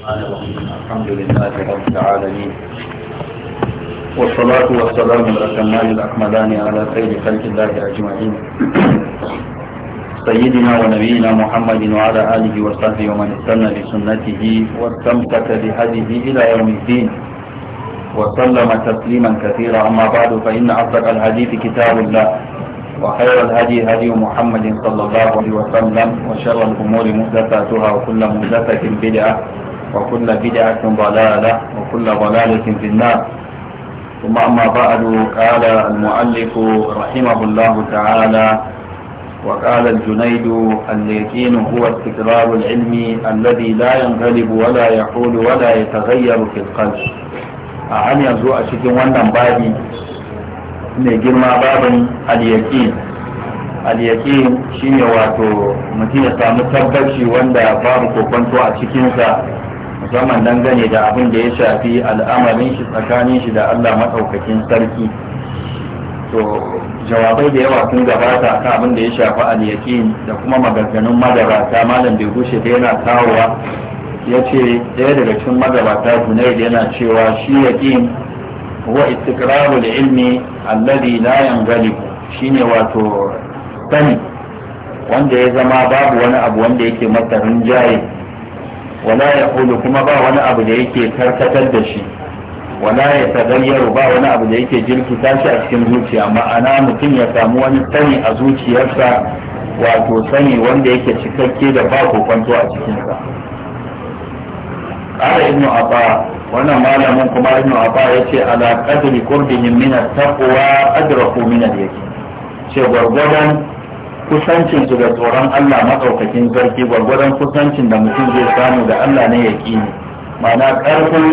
الرحمن الرحيم الحمد لله رب العالمين والصلاة والسلام الأكمال الأكملان على خير خلق الله أجمعين سيدنا ونبينا محمد وعلى آله وصحبه ومن استنى بسنته واستمسك بهديه إلى يوم الدين وسلم تسليما كثيرا أما بعد فإن أصدق الحديث كتاب الله وخير الهدي هدي محمد صلى الله عليه وسلم وشر الأمور محدثاتها وكل محدثة بدعة وكل بدعة ضلالة وكل ضلالة في النار ثم أما بعد قال المؤلف رحمه الله تعالى وقال الجنيد اليقين هو استقرار العلم الذي لا ينغلب ولا يحول ولا يتغير في القلب أعني أزوء أشكي وانا بابي نجر ما بابا اليقين اليقين شيء واتو متين سامتبكشي وانا بابكو كنتو أشكينسا zaman dangane da abin da ya shafi al'amarin shi tsakanin shi da Allah maɗaukakin sarki to jawabai da yawa sun gabata kan abin da ya shafi al-yaqin da kuma maganganun magabata malam bai gushe da yana kawowa ya ce ɗaya daga cikin magabata junaid yana cewa shi yaqin huwa istiqraru da ilmi alladhi la yanghali shine wato sani wanda ya zama babu wani abu wanda yake masa rinjaye wala ya kuma ba wani abu da yake karkatar da shi wala ya tagayyaru ba wani abu da yake jirkita shi a cikin zuciya ma'ana mutum ya samu wani sani a zuciyarsa wato sani wanda yake cikakke da ba kwanto a cikinsa قال ابن wannan malamin kuma كما ابن عطاء يتي على قدر قربهم من التقوى ادركوا من اليقين شيء غرغدان kusancin su da tsoron Allah madaukakin sarki gwargwadon kusancin da mutum zai samu da Allah ne ya ƙi ma'ana ƙarfin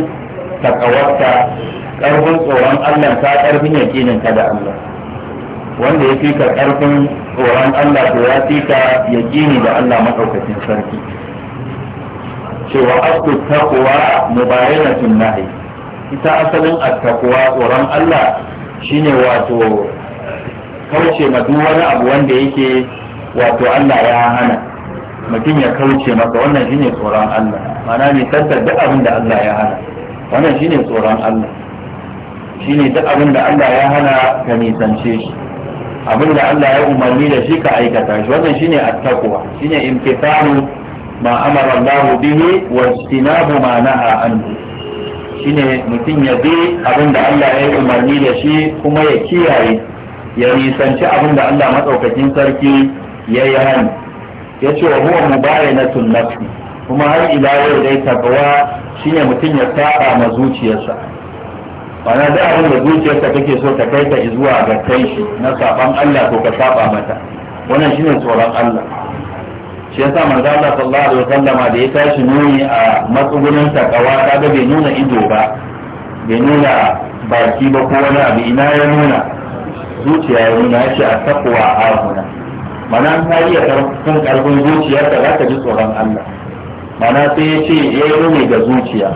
takawarta ƙarfin tsoron Allah ta ƙarfin yaƙinin ka da Allah wanda ya fi ka ƙarfin tsoron Allah to ya fi ka yaƙini da Allah madaukakin sarki cewa aslu taqwa mubayanatun nahi ita asalin at-taqwa tsoron Allah shine wato kauce ma duk wani abu wanda yake wato Allah ya hana mutum ya kauce masa wannan shine tsoron Allah ma'ana ne tantar duk abin da Allah ya hana wannan shine tsoron Allah shine duk abin da Allah ya hana ka nisance shi abin da Allah ya umarni da shi ka aikata shi wannan shine attaqwa shine imtithalu ma amara Allah bihi wa istinabu ma naha anhu shine mutum ya bi abin da Allah ya umarni da shi kuma ya kiyaye ya nisanci abin da Allah maɗaukakin sarki ya yi hannu. ya ce wa huwa na nafsi kuma har ila yau dai takawa shine mutum ya saba ma zuciyarsa ana da abin da zuciyarsa take so ta kai ta zuwa ga kai shi na saban Allah ko ka saba mata wannan shine tsoron Allah shi yasa manzo Allah sallallahu alaihi wasallama da ya tashi nuni a matsugunin takawa kaga bai nuna ido ba bai nuna baki ba ko wani abu ina ya nuna zuciya ya nuna ya a takwa a huna mana ta iya kan karfin zuciya za ka ji tsoron Allah mana sai ya ce ya yi nuni ga zuciya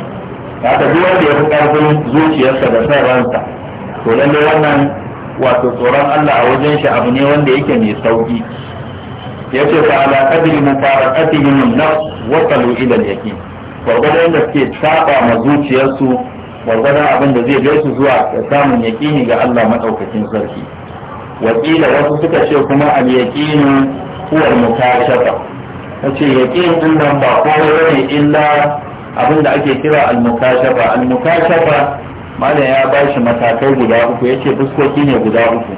haka duk wanda ya fi karfin zuciyarsa da son ransa to lalle wannan wato tsoron Allah a wajen shi abu ne wanda yake mai sauki ya ce fa ala qadri mu fara nafs mu na ila al yake. gwargwadon da suke saba ma zuciyarsu gwargwadon abin da zai bai su zuwa ya samun yaƙini ga Allah maɗaukakin sarki wakila wasu suka ce kuma al yaƙinu huwar mukashafa ta ce yaƙin din nan ba kowa ne illa abin da ake kira al mukashafa al mukashafa malam ya ba shi matakai guda uku ya ce fuskoki ne guda uku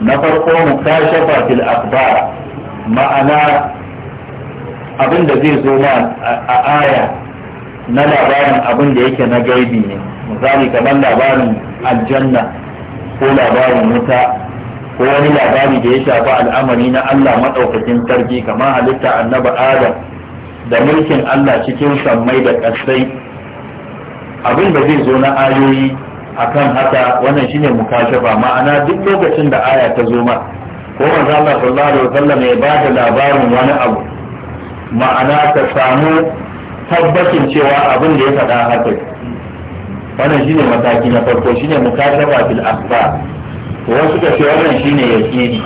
na farko mukashafa fil akbar ma'ana abin da zai zo ma a aya na labarin abin da yake na gaibi ne misali kamar labarin aljanna ko labarin wuta ko wani labari da ya shafi al'amari na Allah maɗaukakin sarki kamar halitta annaba adam da mulkin Allah cikin sammai da ƙasai abin da zai zo na ayoyi akan haka wannan shine mukashafa ma'ana duk lokacin da aya ta zo ma ko manzo Allah sallallahu alaihi wasallam ya ba da labarin wani abu ma'ana ta samu tabbacin cewa abin da ya faɗa haka wannan shine mataki na farko shine mukashafa fil asfa wasu ka ce wannan shine yaqini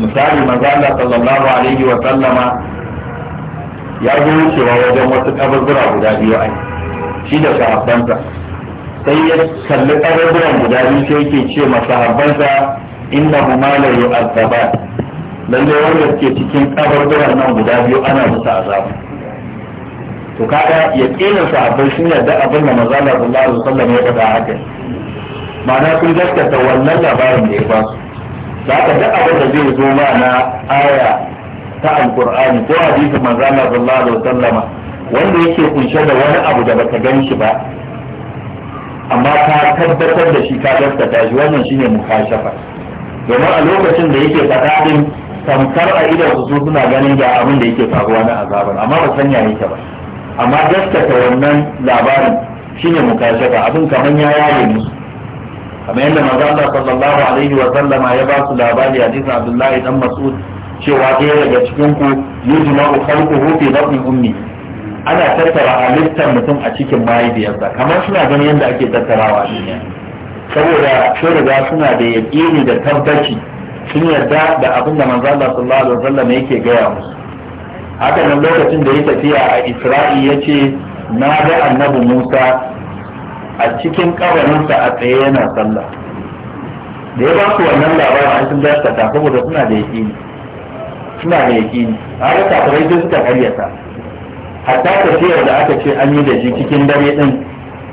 misali manzo Allah sallallahu alaihi wa sallama ya zo wucewa wajen wasu kaburbura guda biyu ai shi da sahabbansa sai ya kalli kaburburan guda biyu sai yake ce ma sahabbansa innahu ma la yu'azzaban lalle wanda suke cikin kaburburan nan guda biyu ana musu azabu to kaga yaqinin sahabbai sun yarda abin da manzo Allah sallallahu alaihi wasallam ya faɗa haka ma'ana sun gaskata wannan labarin da ya ba su zaka duk abin da zai zo na aya ta alqur'ani ko hadisin manzo Allah sallallahu alaihi wasallam wanda yake kunshe da wani abu da baka ganshi ba amma ka tabbatar da shi ka gaskata shi wannan shine mukashafa domin a lokacin da yake faɗa din tamkar a idan su suna ganin ga abin da yake faruwa na azabar amma ba sanya yake ba amma gaskata wannan labarin shine mukashafa abin kamar ya yaye musu kamar yadda manzo Allah sallallahu alaihi wa sallama ya ba su labari hadisin Abdullahi dan Mas'ud cewa ɗaya daga cikin ku yujma'u khalquhu fi batni ummi ana tattara halittar mutum a cikin mahaifiyarsa kamar suna ganin yadda ake tattarawa a duniya saboda sun riga suna da yaƙini da tabbaci sun yarda da abin da manzo Allah sallallahu alaihi wa sallam yake gaya musu haka nan lokacin da ya tafiya a isra'i ya ce na ga annabi musa a cikin kabarinsa a tsaye yana sallah da ya ba su wannan labarin an sun daskata saboda suna da yaƙini suna da yaƙini a haka kafirai sai suka karyata hatta tafiyar da aka ce an yi da shi cikin dare din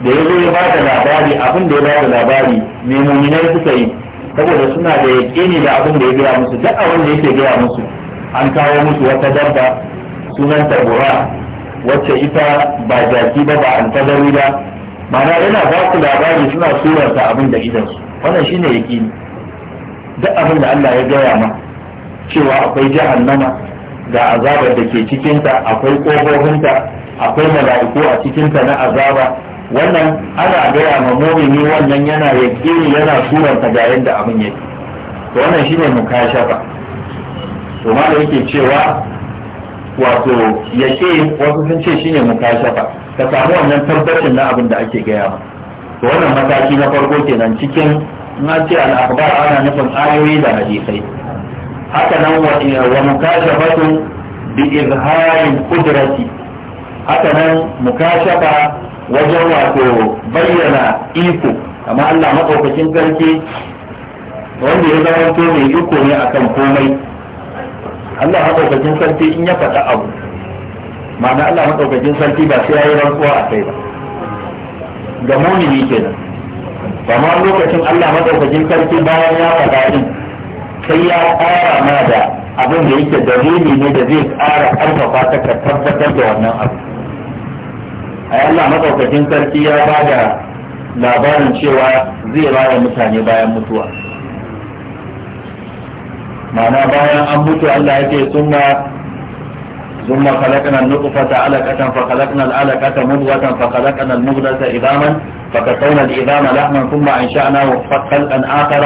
da ya zo ya ba da labari abin da ya ba da labari mai muminai suka yi saboda suna da yaƙini da abin da ya gaya musu duk abin da yake gaya musu an kawo musu wata dabba sunan tabura wacce ita ba jaki ba ba an tazari ba Mana yana ba ku labari suna surarta abin da su wannan shine yaƙini duk abin da Allah ya gaya ma cewa akwai jahannama ga azabar da ke cikinta akwai ta akwai mala'iku a cikin ta na azaba wannan ana gaya ma mumini wannan yana yaƙini yana surarta ga yadda abin yake to wannan shine mukashafa to yake cewa wato yake wasu sun ce shine mukashafa ka samu wannan tabbacin na abin da ake gaya ma to wannan mataki na farko kenan cikin na ce al'akbar ana nufin ayoyi da hadisai haka nan wa mukashafatun bi izharin kudrati haka nan mukashafa wajen wato bayyana iko amma Allah madaukakin sarki wanda ya zama to mai iko ne akan komai Allah madaukakin sarki in ya faɗa abu ma'ana Allah madaukakin sarki ba sai yi rantsuwa a kai ba ga mumini kenan amma lokacin Allah madaukakin sarki bayan ya faɗa din sai ya ƙara ma da abin da yake dalili ne da zai ƙara ƙarfafa ta ka tabbatar da wannan abu ai Allah madaukakin sarki ya ba da labarin cewa zai raya mutane bayan mutuwa ma'ana bayan an mutu يكي yake ثم خلقنا النطفة علقة فخلقنا العلقة مضغة فخلقنا المضغة إذاما فكسونا العظام لحما ثم وفق خلقا آخر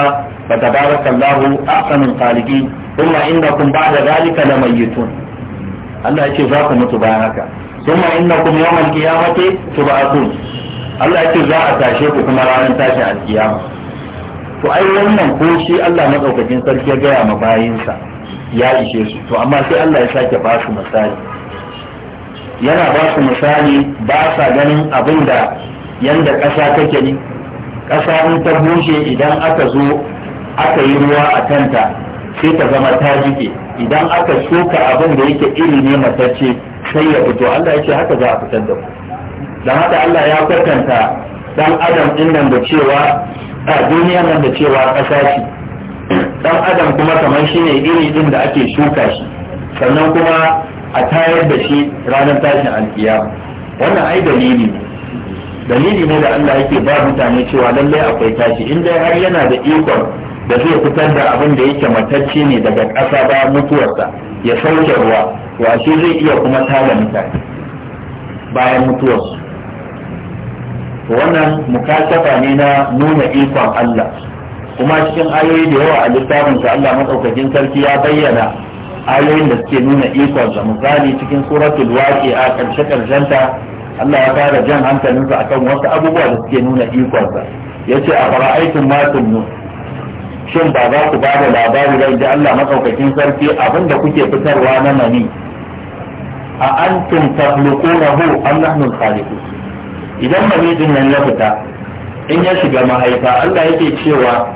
فتبارك الله أحسن الخالقين ثم إنكم بعد ذلك لميتون الله يجزاكم تبارك ثم إنكم يوم القيامة تبعثون الله يجزاكم تاشيكم رانا تاشي القيامة to ai wannan ko shi Allah madaukakin sarki ya gaya ma bayinsa ya ishe su to amma sai Allah ya sake ba su misali yana ba su misali ba sa ganin abin da yanda ƙasa take ne ƙasa in ta bushe idan aka zo aka yi ruwa a kanta sai ta zama ta jike idan aka shuka abin da yake iri ne matacce sai ya fito Allah ya ce haka za a fitar da ku Dan haka Allah ya kwatanta dan adam din nan da cewa a duniya nan da cewa kasa ce dan adam kuma kamar shi ne iri din da ake shuka shi sannan kuma a tayar da shi ranar tashin alkiya wannan ai dalili dalili ne da Allah yake ba mutane cewa lallai akwai tashi in dai har yana da ikon da zai fitar da abin da yake matacce ne daga ƙasa ba mutuwarsa ya sauke ruwa wa shi zai iya kuma tala mutane bayan mutuwarsu wannan mukashafa ne na nuna ikon Allah kuma cikin ayoyi da yawa a littafin sa Allah madaukakin sarki ya bayyana ayoyin da suke nuna ikon sa misali cikin suratul a karshe karshen ta Allah ya fara jan hankalinsa akan wasu abubuwa da suke nuna ikon sa yace a fara'aitun ma tunnu shin ba za ku bada labari da Allah madaukakin sarki abinda kuke fitarwa na mani a antum takhluqunahu am nahnu khaliqun idan mamijin nan ya fita in ya shiga mahaifa Allah yake cewa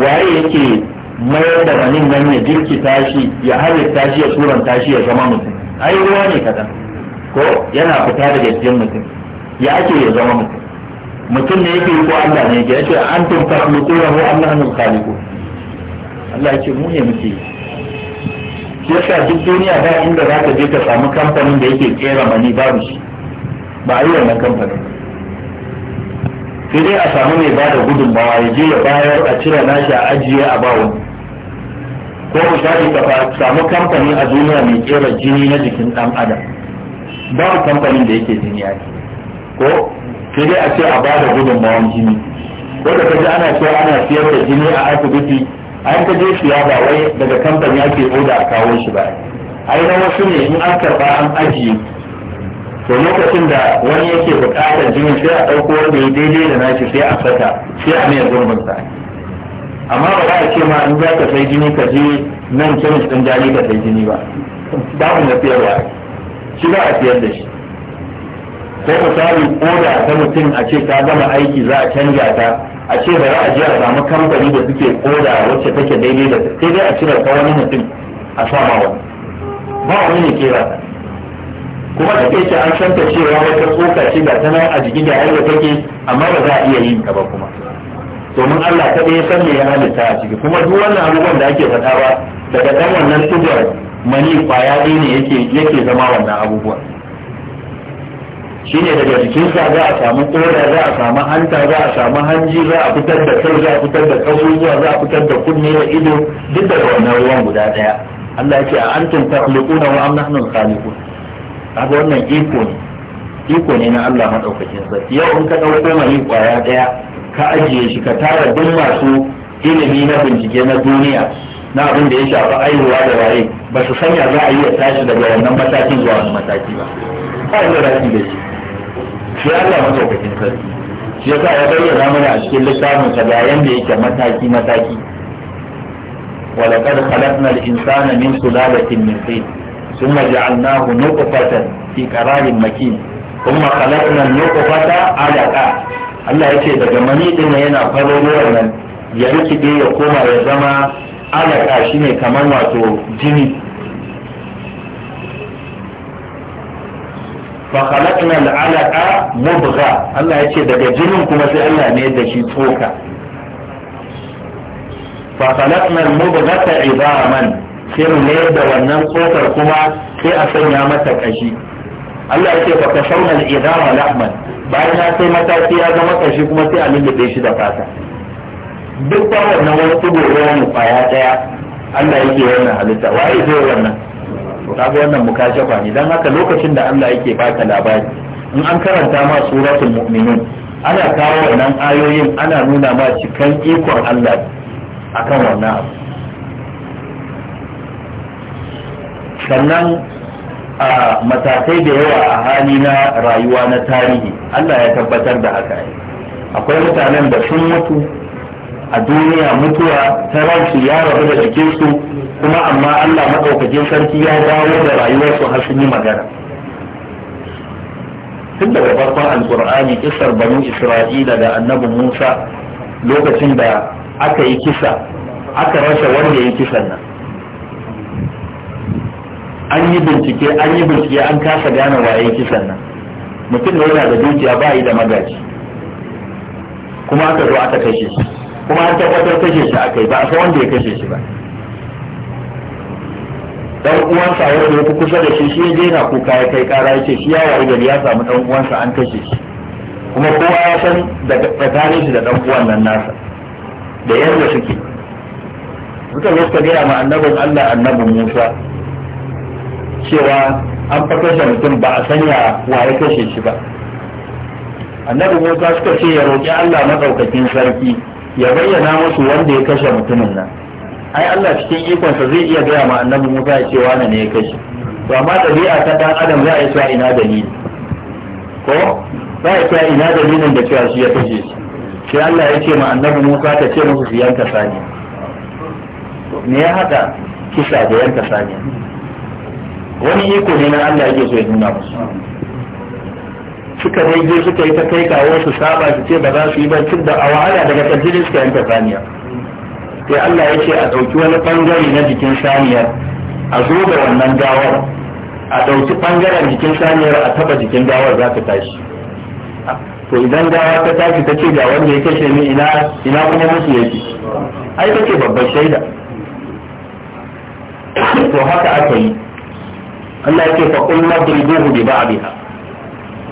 waye yake mayar da manin nan ya jirki tashi, ya halitta shi ya turan tashi, ya zama mutum ai ruwa ne kadan ko yana fita daga jikin mutum ya ake ya zama mutum mutum ne yake ko Allah ne ya ce an tun takhluquna wa annahum khaliqun Allah ya ce mu ne muke shi yasa duk duniya ba inda za ka je ka samu kamfanin da yake kera mani babu shi ba a yi wannan kamfanin sai dai a samu mai bada gudunmawa ya je ya bayar a cire nashi a ajiye a bawo ko misali ka samu kamfani a duniya mai kera jini na jikin dan adam babu kamfanin da yake jini ya ko sai a ce a bada gudunmawan jini ko da kaji ana cewa ana siyar da jini a asibiti an ka je siya ba wai daga kamfani ake oda a kawo shi ba ai na wasu ne in an karba an ajiye to lokacin da wani yake buƙatar jini sai a ɗauko wanda ya daidai da nashi sai a saka sai a mai gurbin sa amma ba za a ce ma in za ka sai jini ka je nan kemis ɗin jari ka sai jini ba babu na siyarwa shi za a siyar da shi ko misali koda ta mutum a ce ta gama aiki za a canja ta a ce ba za a je a samu kamfani da suke koda wacce take daidai da sai dai a cire ta wani mutum a sama wani ba wani ne kera kuma take ce an santa cewa wata tsoka ce ga tana a jikin da ayyuka take amma ba za a iya yin ta ba kuma domin Allah ta ɗaya san me ya halitta a ciki kuma duk wannan abubuwan da ake faɗa ba daga ɗan wannan tujar mani kwaya ɗaya ne yake yake zama wannan abubuwan shine daga jikinsa za a samu koda za a samu hanta za a samu hanji za a fitar da kai za a fitar da ƙasusuwa za a fitar da kunne da ido duk daga wannan ruwan guda ɗaya Allah ya ce a antum takhluquna wa am nahnu khaliqun kaga wannan iko ne iko ne na Allah maɗaukakin sarki yau in ka dauko mai ƙwaya ɗaya, ka ajiye shi ka tara duk masu ilimi na bincike na duniya na abin da ya shafi aihuwa da waye ba su sanya za a yi ya tashi daga wannan matakin zuwa wani mataki ba ba yi da shi da shi shi Allah maɗaukakin sarki shi sa ya bayyana mana a cikin littafin sa ga yanda yake mataki mataki ولقد خلقنا الإنسان من سلالة من طين ثم جعلناه نطفة في قرار مكين ثم خلقنا النطفة علقة Allah ya ce daga mani din yana faro nan ya rikide ya koma ya zama alaka shine kamar wato jini fa khalaqna al-alaqa mubgha Allah ya ce daga jinin kuma sai Allah ne da shi tsoka fa khalaqna al-mubghata idaman sai mu mayar da wannan tsokar kuma sai a sanya mata kashi Allah ya ce fa shauna al-idama lahman bayan ya sai mataki ya zama kashi kuma sai a lullube shi da fata duk ba wannan wani tubo ruwa mu kwaya daya Allah yake wannan halitta waye zai wannan to kaga wannan mukashafa kwani. dan haka lokacin da Allah yake baka labari in an karanta ma suratul mu'minun ana kawo wannan ayoyin ana nuna ma cikan ikon Allah akan wannan abu sannan a matakai da yawa a hali na rayuwa na tarihi Allah ya tabbatar da haka akwai mutanen da sun mutu a duniya mutuwa ta ransu ya rabu da jikinsu kuma amma Allah maɗaukakin sarki ya dawo da rayuwarsu har sun yi magana tun daga farkon alkur'ani kisar banu isra'ila da annabi musa lokacin da aka yi kisa aka rasa wanda ya yi kisan nan an yi bincike an yi bincike an kasa gane waye kisan nan mutum da yana da dukiya ba yi da magaji kuma aka zo aka kashe shi kuma an tabbatar kashe shi aka yi ba a san wanda ya kashe shi ba dan uwansa wanda ya fi kusa da shi shi ya daina kuka ya kai kara ya ce shi ya wayi gari ya samu dan uwansa an kashe shi kuma kowa ya san daga tsakanin shi da dan uwan nan nasa da yanda suke suka zo suka gaya ma annabin Allah annabin Musa cewa an fa kashe mutum ba a sanya wa ya kashe shi ba annabi musa suka ce ya roƙi allah maɗaukakin sarki ya bayyana musu wanda ya kashe mutumin nan ai allah cikin ikonsa zai iya gaya ma annabi musa ya ce wani ne ya kashe to amma ɗabi'a ta ɗan adam za a yi cewa ina dalili ko za a cewa ina dalilin da cewa shi ya kashe shi sai allah ya ce ma annabi musa ta ce musu su yanka saniya me ya haɗa kisa da yanka saniya wani iko ne na Allah yake so ya nuna musu suka dai je suka yi ta kai kawo su saba su ce ba za su yi ba tun da a wahala daga karshe suka yanka saniya sai Allah ya ce a ɗauki wani ɓangare na jikin saniyar a zo da wannan gawar a ɗauki ɓangaren jikin saniyar a taɓa jikin gawar za ta tashi to idan gawa ta tashi ta ce ga wanda ya kashe ni ina ina kuma musu yake ai ta ce babbar shaida to haka aka yi Allah yake fa qul madribuhu bi ba'dha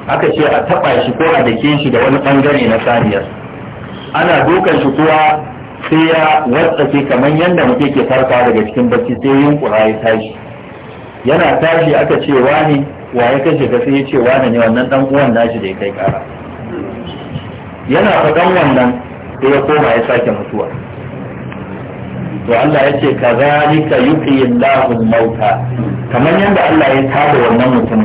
aka ce a taba shi ko a dake shi da wani bangare na kariya. ana dokan shi kuwa sai ya watsake kamar yadda muke ke farka daga cikin bacci sai yunkura ya tashi yana tashi aka ce wani wa ya kashe ka sai ya ce wani ne wannan dan uwan nashi da ya kai kara yana faɗan wannan sai ya koma ya sake mutuwa to Allah ya ce ka zalika yuhyi Allahu mauta kamar yadda Allah ya tada wannan mutum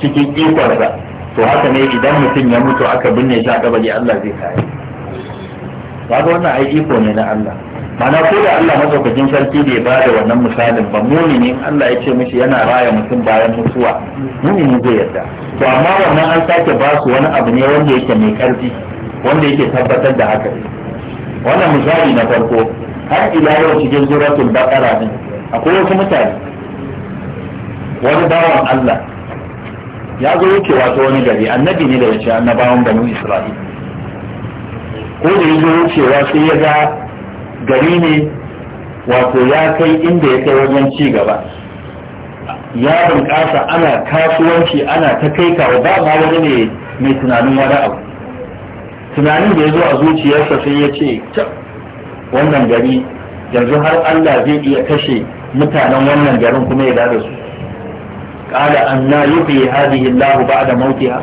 cikin ikonsa to haka ne idan mutum ya mutu aka binne shi a kabari Allah zai kare kaga wannan ai iko ne na Allah mana ko da Allah madaukakin sarki bai ba da wannan misalin ba muminin Allah ya ce mishi yana raya mutum bayan mutuwa mumini zai yarda to amma wannan an sake ba su wani abu ne wanda yake mai karfi wanda yake tabbatar da haka wannan misali na farko har ila yau cikin suratul baqara din akwai wasu mutane wani bawan Allah ya zo yake wato wani gari annabi ne da ya ce annabawan banu Isra'il ko da ya zo wucewa sai ya ga gari ne wato ya kai inda ya kai wajen ci gaba ya bunƙasa ana kasuwanci ana ta kai kawo ba ma wani ne mai tunanin wani abu tunanin da ya zo a zuciyarsa sai ya ce wannan gari yanzu har Allah zai iya kashe mutanen wannan garin kuma ya dada su qala anna yuhyi hadhihi Allah ba'da mautiha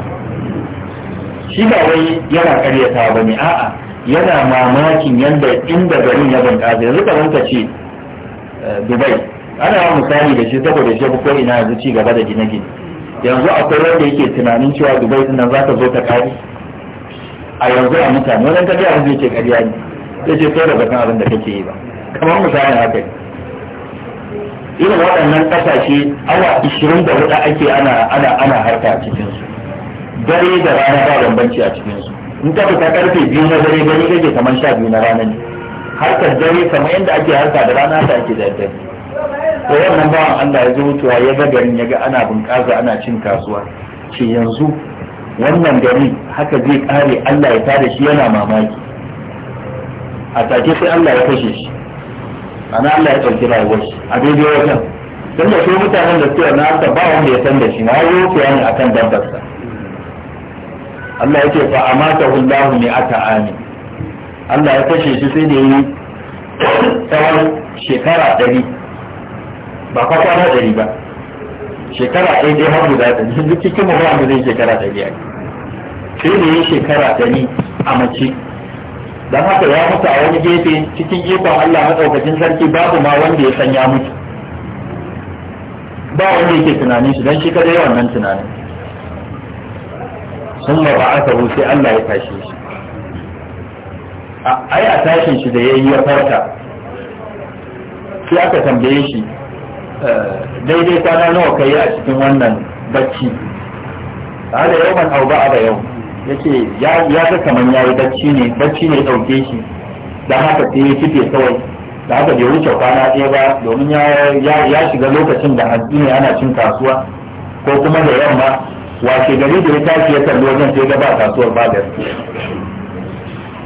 shi ba wai yana karyata bane a'a yana mamakin yanda inda garin ya bunƙasa yanzu kamar ka ce eh, Dubai ana yawan misali da shi saboda shi ko ina yanzu ci gaba da gine-gine yanzu akwai wanda yake tunanin cewa Dubai din nan za ta zo ta kare a yanzu a mutane wannan kaga yanzu ce ƙarya ne yake ce kai da bakan abin da kake yi ba kamar misali haka irin waɗannan ƙasashe awa ishirin da hudu ake ana ana ana harka a cikinsu dare da rana ba bambanci a cikinsu in ka fita karfe biyu na dare gani kake kamar sha biyu na rana ne harkar dare kamar yadda ake harka da rana ta ake da dare to wannan bawan Allah ya zo mutuwa ya ga garin ya ga ana bunƙasa ana cin kasuwa ce yanzu wannan gari haka zai kare Allah ya tada shi yana mamaki a take sai Allah ya kashe shi ana Allah ya ɗauki rayuwar shi a daidai wajen don da shi mutanen da suke na haka ba wanda ya san da shi na yi wuce ne akan dabbarsa Allah ya ce fa amata hullahu ne aka ami Allah ya kashe shi sai da yi tsawon shekara ɗari ba kwa na ɗari ba shekara ɗaya dai har guda ɗari duk cikin mu ba mu zai shekara ɗari a sai da yi shekara ɗari a mace dan haka ya mutu a wani gefe cikin ikon Allah madaukakin sarki babu ma wanda ya san ya mutu ba wanda yake tunanin shi dan shi kada yawan nan tunanin sun ma ba'athahu sai Allah ya tashi shi ai a tashin shi da yayi ya farka sai aka tambaye shi eh, daidai kwana nawa kai a cikin wannan bacci hada yawman auba a da yau yace ya ya ga kaman yayi bacci ne bacci ne dauke shi da haka sai ya kife kawai da haka bai wuce kwana ɗaya ba domin ya shiga lokacin da addini ana cin kasuwa ko kuma da yamma washe gari da ya tashi ya kalli wajen sai ga ba kasuwar ba da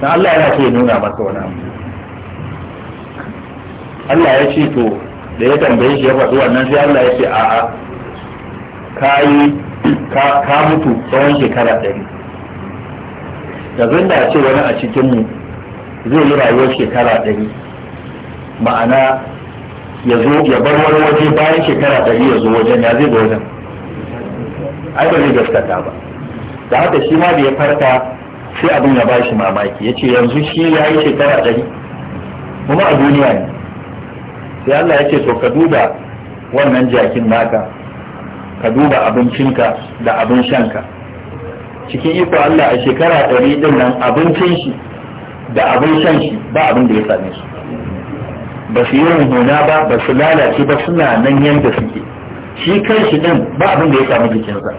na Allah yana so nuna masa wani Allah ya ce to da ya tambaye shi ya faɗi wannan sai Allah ya ce a'a ka ka mutu tsawon shekara ɗari yanzu da ce wani a cikinmu zai yi rayuwar shekara ɗari ma'ana ya zo ya bar wani waje bayan shekara ɗari ya zo wajen ya zai ga wajen ai ba zai gaskata ba da haka shi ma da ya farka sai abin ya bashi mamaki ya ce yanzu shi ya yi shekara ɗari kuma a duniya ne sai Allah ya ce to ka duba wannan jakin naka ka duba abincinka da abin shanka cikin iko Allah a shekara ɗari ɗin nan abincin shi da abin shan shi ba abin da ya same su ba su yi runhuna ba ba su lalace ba suna nan yadda suke shi kan shi din ba abin da ya samu jikinsa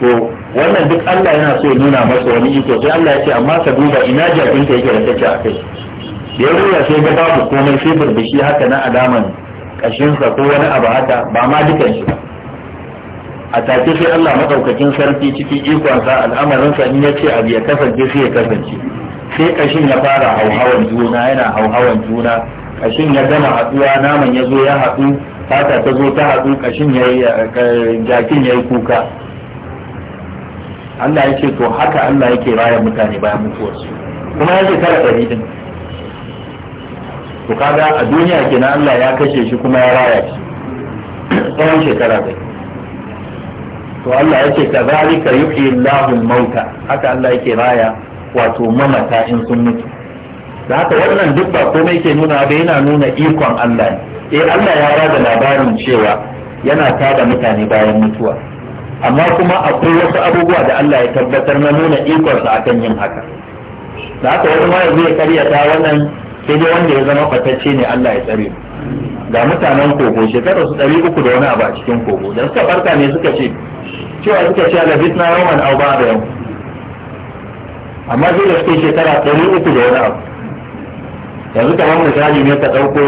to wannan duk Allah yana so ya nuna masa wani iko sai Allah ya ce amma ka duba ina ka yake da take a kai da ya ruwa sai ga babu komai sai burbushi haka na alaman kashinsa ko wani abu haka ba ma dukan shi ba a take sai Allah madaukakin sarki ciki ikonsa al'amarinsa in ya ce abu ya kasance sai ya kasance sai kashin ya fara hauhawan juna yana hauhawan juna kashin ya gama haɗuwa naman ya zo ya haɗu fata ta zo ta haɗu kashin ya eh, jakin ya yi kuka Allah ya ce to haka Allah yake raya mutane bayan mutuwarsu kuma ya shekara ɗari ɗin to kaga a duniya kenan Allah ya kashe shi kuma ya raya shi tsawon shekara ɗari to Allah yake kazalika yuhyi Allahu mauta haka Allah yake raya wato mamata in sun mutu da haka wannan duk ba komai yake nuna ba yana nuna ikon Allah ne eh Allah ya bada labarin cewa yana tada mutane bayan mutuwa amma kuma akwai wasu abubuwa da Allah ya tabbatar na nuna ikonsa akan yin haka da haka wani ma zai karyata wannan sai dai wanda ya zama fatacce ne Allah ya tsare ga mutanen kogo shekarar su ɗari uku da wani abu a cikin kogo da suka farka ne suka ce cewa suka ce alabit bitna roman au ba da yau amma zai da suke shekara ɗari uku da wani abu yanzu kamar misali ne ka ɗauko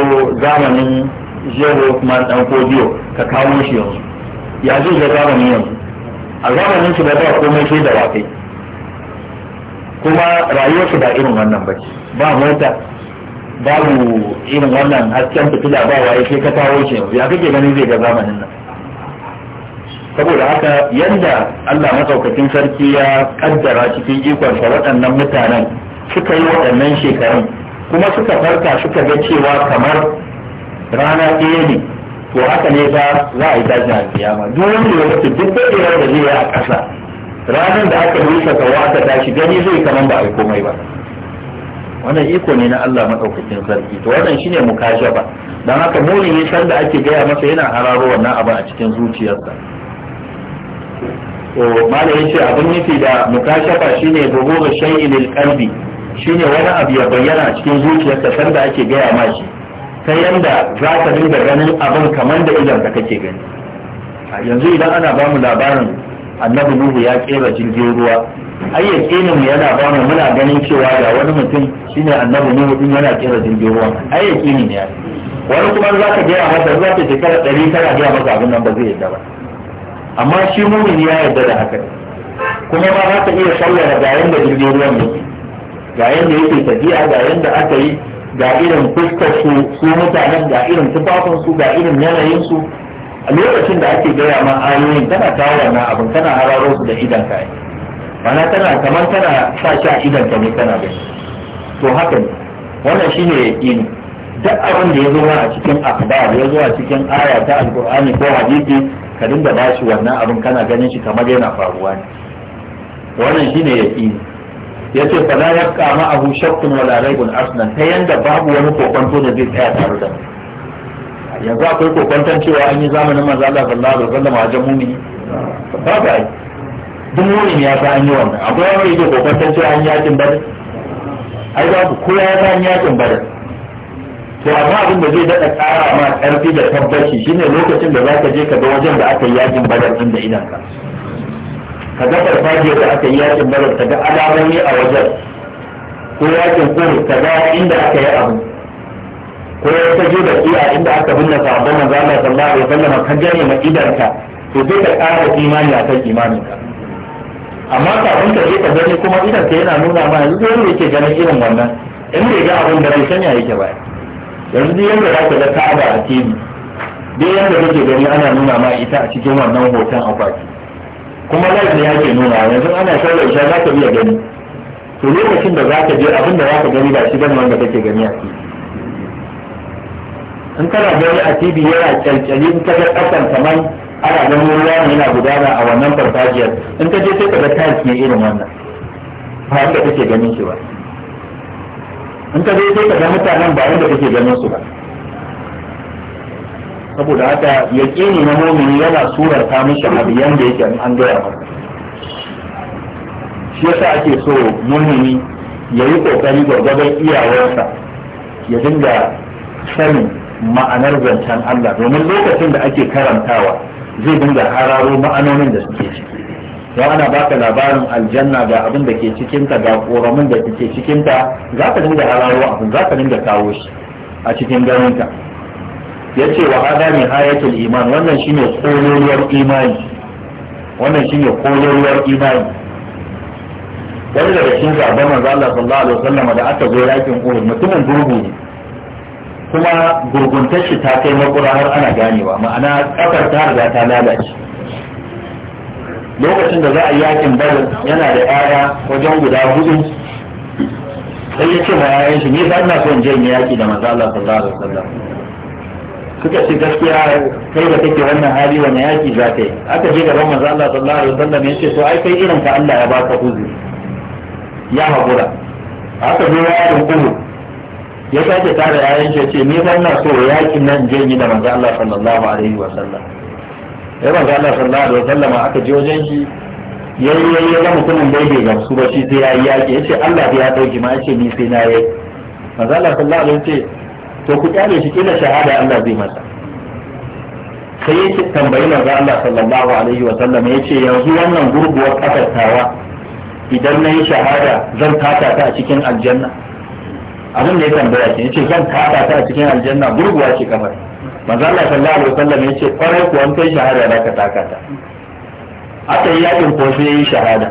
zamanin jero kuma ɗan kodiyo ka kawo shi yanzu ya zai da zamanin yanzu a zamanin shi ba ba komai sai da wakai kuma rayuwarsu ba irin wannan ba ba mota babu irin wannan hasken fitila ba waye sai ka kawo shi ya kake ganin zai ga zamanin nan saboda haka yadda Allah masaukacin sarki ya kaddara cikin ikonsa waɗannan mutanen suka yi waɗannan shekarun kuma suka farka suka ga cewa kamar rana ɗaya ne to haka ne za za a yi tashin alkiyama duk wani ya duk duk daɗewar da zai yi a ƙasa ranar da aka rusa kawo aka tashi gani zai kamar ba a yi komai ba wannan iko ne na Allah madaukakin sarki to wannan shine ba dan haka mulini san da ake gaya masa yana hararo wannan abu a cikin zuciyarsa to malai yace abin nufi da mukashafa shine dubu shay'in lil shine wani abu ya bayyana a cikin zuciyarka san da ake gaya ma shi ta yanda za ka dinga ganin abin kamar da idan da kake gani yanzu idan ana ba mu labarin annabi nuhu ya kera jirgin ruwa ai mu yana ba muna ganin cewa da wani mutum shine annabi ne mutum yana kira jirgin ruwa ai yakinin ya wani kuma za ka gaya masa za ka shekara ɗari kana gaya masa abin nan ba zai yadda ba amma shi mumin ya yarda da haka kuma ba za ka iya sallara ga yanda jirgin ruwan yake ga yanda yake tafiya ga yanda aka yi ga irin fuskar su su mutanen ga irin tufafin su ga irin yanayin su a lokacin da ake gaya ma ayoyin tana kawo wannan abin kana hararo su da idan kayan mana tana kamar tana sa shi a idan ta ne tana bai to haka ne wannan ne yaqini duk abin da ya zo a cikin akhbar ya zo a cikin aya ta alkur'ani ko hadisi ka dinga ba shi wannan abin kana ganin shi kamar yana faruwa ne wannan shine Ya ce fa ya kama abu shakkun wala raibun Arsenal ta yanda babu wani kokonto da zai tsaya tare da yanzu akwai kokonton cewa an yi zamanin manzo Allah sallallahu alaihi wasallam a wajen mumini babu ai duk wurin ya fi an yi wannan akwai wani yake kokwantar cewa an yakin bada ai za ku kowa ya fi an yakin bada to amma abin da zai daɗa ƙara ma ƙarfi da tabbaci shine lokacin da za ka je ka ga wajen da aka yi yakin bada din da idan ka ga farfajiyar da aka yi yakin bada ka ga alamomi a wajen ko yakin kuru ka ga inda aka yi abu ko ya ta je da a inda aka binne abin da Allah sallallahu alaihi wasallam ka gane ma ka to zai ka ƙara imani akan imaninka amma kafin ka je ka gani kuma idan ka yana nuna ma yanzu wanda yake ganin irin wannan in bai ga abin da bai sanya yake ba yanzu duk yanda za ka ga ka'aba a tv duk yanda kake gani ana nuna ma ita a cikin wannan hoton akwati kuma laifin ya ke nuna yanzu ana shirya isha za ka iya gani to lokacin da za ka je abin da za ka gani ba shi bane wanda kake gani a tv in kana gani a tv yana kyalkyali in ka ga kasan kamar ana ganin ruwa ne yana gudana a wannan farfajiyar in ka je sai ka ga tiles ne irin wannan ba inda kake ganin shi ba in ka je sai ka ga mutanen ba inda kake ganin su ba saboda haka yaƙini na momini yana surar ta mishi abu yanda yake an gaya masa shi yasa ake so mumini ya yi kokari gwargwadon iyawarsa ya dinga sanin ma'anar zancen Allah domin lokacin da ake karantawa zai dinga hararo ma'anonin da suke ciki don ana baka labarin aljanna ga abin da ke cikinta ga koramin da ke cikinta za ka dinga hararo abin za ka dinga kawo shi a cikin ganinka ya ce wa hada ne hayatul iman wannan shine koyarwar imani wannan shine koyarwar imani wani daga cikin sabon manzo Allah sallallahu alaihi wasallam da aka zo yakin Uhud mutumin gurgu ne kuma gurguntar shi ta kai makura har ana ganewa ma'ana kafar ta riga ta lalace lokacin da za a yakin badar yana da yaya wajen guda hudu sai ya ce ma yayan shi ni ina so in je in yaki da maza Allah sallallahu alaihi wasallam suka ce gaskiya kai da kake wannan hali wani yaki za ka yi aka je gaban manzo Allah sallallahu alaihi wasallam ya ce to ai kai irin ka Allah ya baka uzuri ya haƙura aka zo yayin Uhud ya sake tara yayan shi ce ni ban na so yakin nan je yi da manzo Allah sallallahu alaihi wa sallam ya manzo Allah sallallahu alaihi wa sallam aka je wajen shi yayi yayi ga mutumin da yake gamsu ba shi sai yayi yaki yace Allah ya dauki ma yace ni sai na yi manzo Allah sallallahu alaihi wa sallam to ku kyale shi kila shahada Allah zai masa sai yake tambayi manzo Allah sallallahu alaihi wa sallam yace yanzu wannan gurguwar kafatawa idan na yi shahada zan taka ta a cikin aljanna abin da ya tambaya ce yace zan kada ta cikin aljanna gurguwa ce kamar manzo Allah sallallahu alaihi wasallam yace kwarai ko kai shahada da ka taka ta aka yi yakin ko sai yi shahada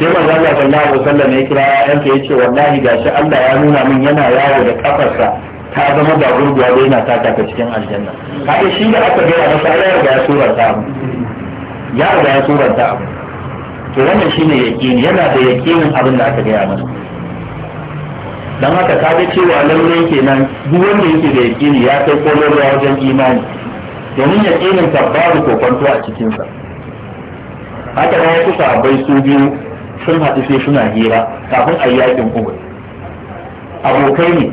sai manzo Allah sallallahu alaihi wasallam ya kira yanka yace wallahi gashi Allah ya nuna min yana yawo da kafarsa ta zama da gurguwa da yana taka ta cikin aljanna kaga shi da aka gaya masa ya ga ya ta ya ga sura ta to wannan shine yakin yana da yakin abin da aka gaya masa don haka ka ga cewa lallai kenan duk wanda yake da yakini ya kai kololuwa wajen imani domin yaƙinin ta babu kwanto a cikinsa haka wasu sahabbai su biyu sun haɗu sai suna hira kafin a yakin uhud abokai ne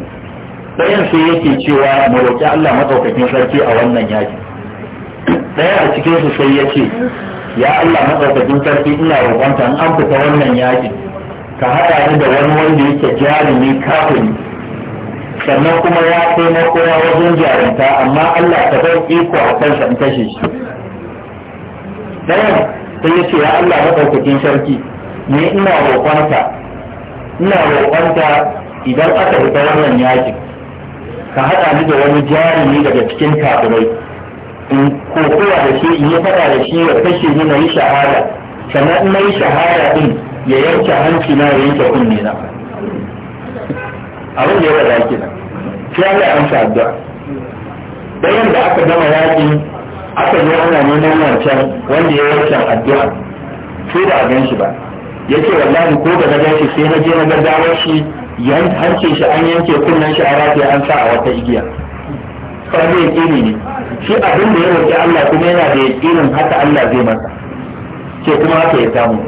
ɗayan sai yake cewa mu roƙi Allah matsaukakin sarki a wannan yaki ɗaya a cikinsu sai ya ce ya Allah matsaukakin sarki ina roƙonta in an fita wannan yakin. ka haɗa ni da wani wanda yake jarumi kafin sannan kuma ya taimako ya wajen jarumta amma Allah ka bar iko a kan in kashe shi dan sai ya ce ya Allah maɗaukakin sarki ni ina roƙonka ina roƙonka idan aka fita wannan yaki ka haɗa ni da wani jarumi daga cikin kafirai in kokowa da shi in yi faɗa da shi ya kashe ni na yi shahada sannan na yi shahada ɗin ya yanke hanci na ya yanke kunne na abin da ya faɗa kenan sai Allah ya amsa addu'a bayan da aka gama yaƙi aka zo ana neman wancan wanda ya yanke addu'a sai da a gan shi ba ya ce wallahi ko ba na gashi sai na je na gaggawar shi hanci shi an yanke kunnen shi a rafi an sa a wata igiya kawai zai ne shi abin da ya roƙi Allah kuma yana da yaƙinin haka Allah zai masa Ke kuma haka ya samu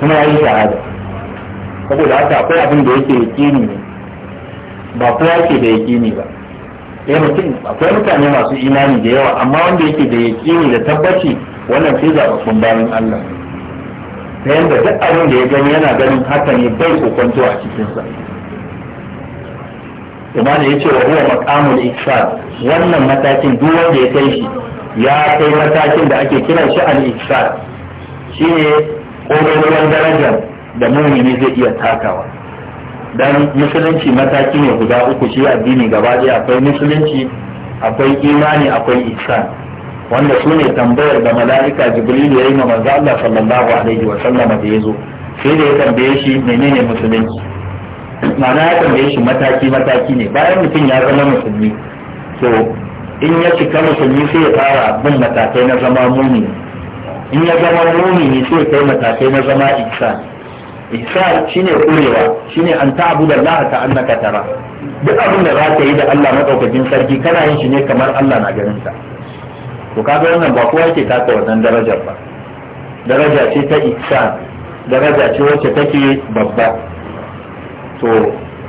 kuma ya yi shahada saboda haka akwai abin da yake yakini ne ba kowa ke da yakini ba eh mutum akwai mutane masu imani da yawa amma wanda yake da yakini da tabbaci wannan sai zaɓaɓɓun bayan Allah ta yadda duk abin da ya gani yana ganin haka ne bai kokonto a cikinsa imam ya ce wa huwa maqamul ihsan wannan matakin duk wanda ya kai shi ya kai matakin da ake kiran shi al shi shine ƙololuwan darajar da mumini zai iya takawa dan musulunci mataki ne guda uku shi addini gaba ɗaya akwai musulunci akwai imani akwai ihsan wanda su ne tambayar da mala'ika jibrilu, ya yi ma manzo Allah sallallahu alaihi wa sallam da yazo sai da ya tambaye shi menene musulunci ma'ana ya tambaye shi mataki mataki ne bayan mutum ya zama musulmi to in ya cika musulmi sai ya fara bin matakai na zama muni. in ya zama mumini sai kai matakai na zama ihsan ihsan shine kurewa shine an ta'budu Allah ta annaka tara duk abin da zaka yi da Allah madaukakin sarki kana yin shi ne kamar Allah na ganin ka to kaga wannan ba kowa yake taka wannan darajar ba daraja ce ta ihsan daraja ce wacce take babba to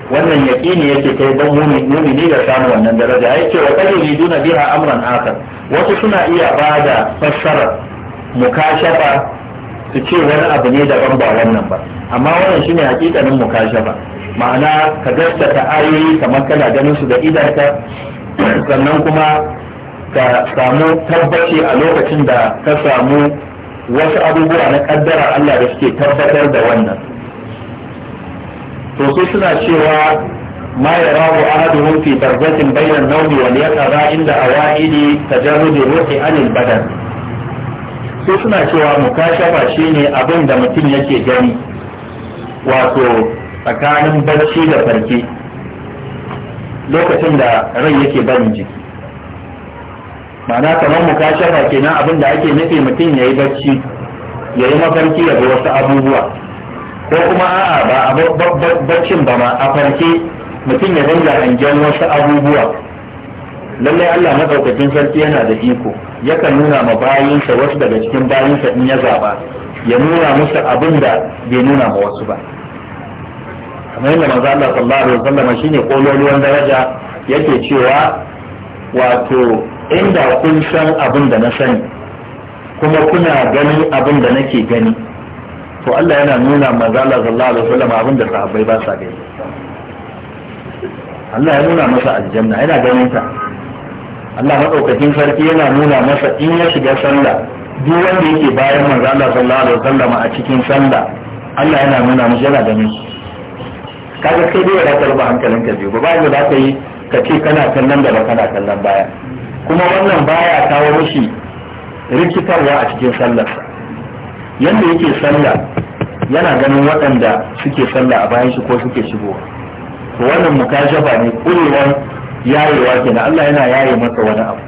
wannan yaqini yake kai dan mumini da samu wannan daraja ce wa kadiri duna biha amran akhar wasu suna iya bada fassara mukashafa su ce wani abu ne daban ba wannan ba amma wannan shine hakikanin mukashafa ma'ana ka gaskata ayoyi kamar kana ganin su da idanka sannan kuma ka samu tabbaci a lokacin da ka samu wasu abubuwa na kaddara Allah da suke tabbatar da wannan to su suna cewa ma ya rabu ahaduhum fi barzatin bainan nawmi wal yaqra inda awa'idi tajarrud ruhi anil badan sai suna cewa mukashafa shine abin da mutum yake gani wato tsakanin barci da farke lokacin da rai yake barin jiki ma'ana kamar mukashafa kenan abin da ake nufi mutum ya yi barci ya yi mafarki ya wasu abubuwa ko kuma a'a ba a barcin ba ma a farke mutum ya dinga hangen wasu abubuwa lallai Allah madaukakin sarki yana da iko yakan nuna ma bayinsa wasu daga cikin bayinsa in ya zaba ya nuna musu abin da bai nuna ma wasu ba kamar yadda manzo Allah sallallahu alaihi wasallam shine kololuwan daraja yake cewa wato inda kun san abin da na sani kuma kuna gani abin da nake gani to Allah yana nuna manzo Allah sallallahu alaihi wasallam abin da sahabbai ba sa gani Allah ya nuna masa aljanna yana ganin ta Allah madaukakin sarki yana nuna masa in ya shiga sallah duk wanda yake bayan manzo Allah sallallahu alaihi wasallam a cikin sallah Allah yana nuna masa yana ganin shi kaga sai dai ya karba ka biyu ba bayan da ka yi ka ce kana kallon da ba kana kallon baya kuma wannan baya kawo mishi rikitarwa a cikin sallarsa yadda yake sallah yana ganin waɗanda suke sallah a bayan shi ko suke shigowa to wannan mukashafa ne kurewan yayewa kenan Allah yana yaye masa wani abu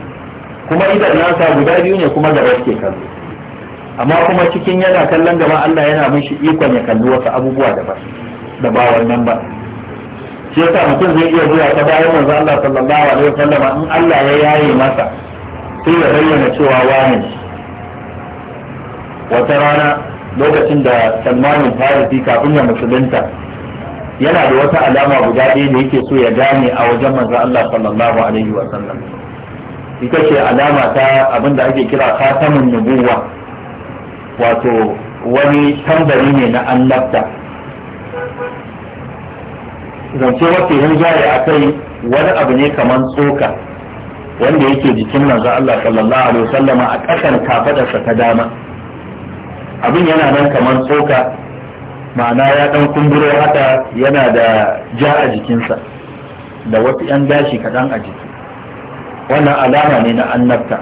kuma idan nasa guda biyu ne kuma wasu ke kallo amma kuma cikin yana kallon gaba Allah yana shi ikon ya kalli wasu abubuwa ba da ba wannan ba shi yasa mutum zai iya zuwa ta bayan manzo Allah sallallahu alaihi wasallam in Allah ya yaye masa sai ya bayyana cewa wani wata rana lokacin da Salman Farisi kafin ya musulunta yana da wata alama guda ɗaya da yake so ya gane a wajen manzo Allah sallallahu alaihi wa sallam ita ce alama ta abin da ake kira khatamun nubuwa wato wani tambari ne na annabta zance mafi rinjaye a kai wani abu ne kamar tsoka wanda yake jikin manzo Allah sallallahu alaihi wa sallama a ƙasan kafadarsa ta dama abin yana nan kamar tsoka ma'ana ya dan kumburo haka yana da ja a jikinsa da wasu 'yan gashi kaɗan a jiki wannan alama ne na annabta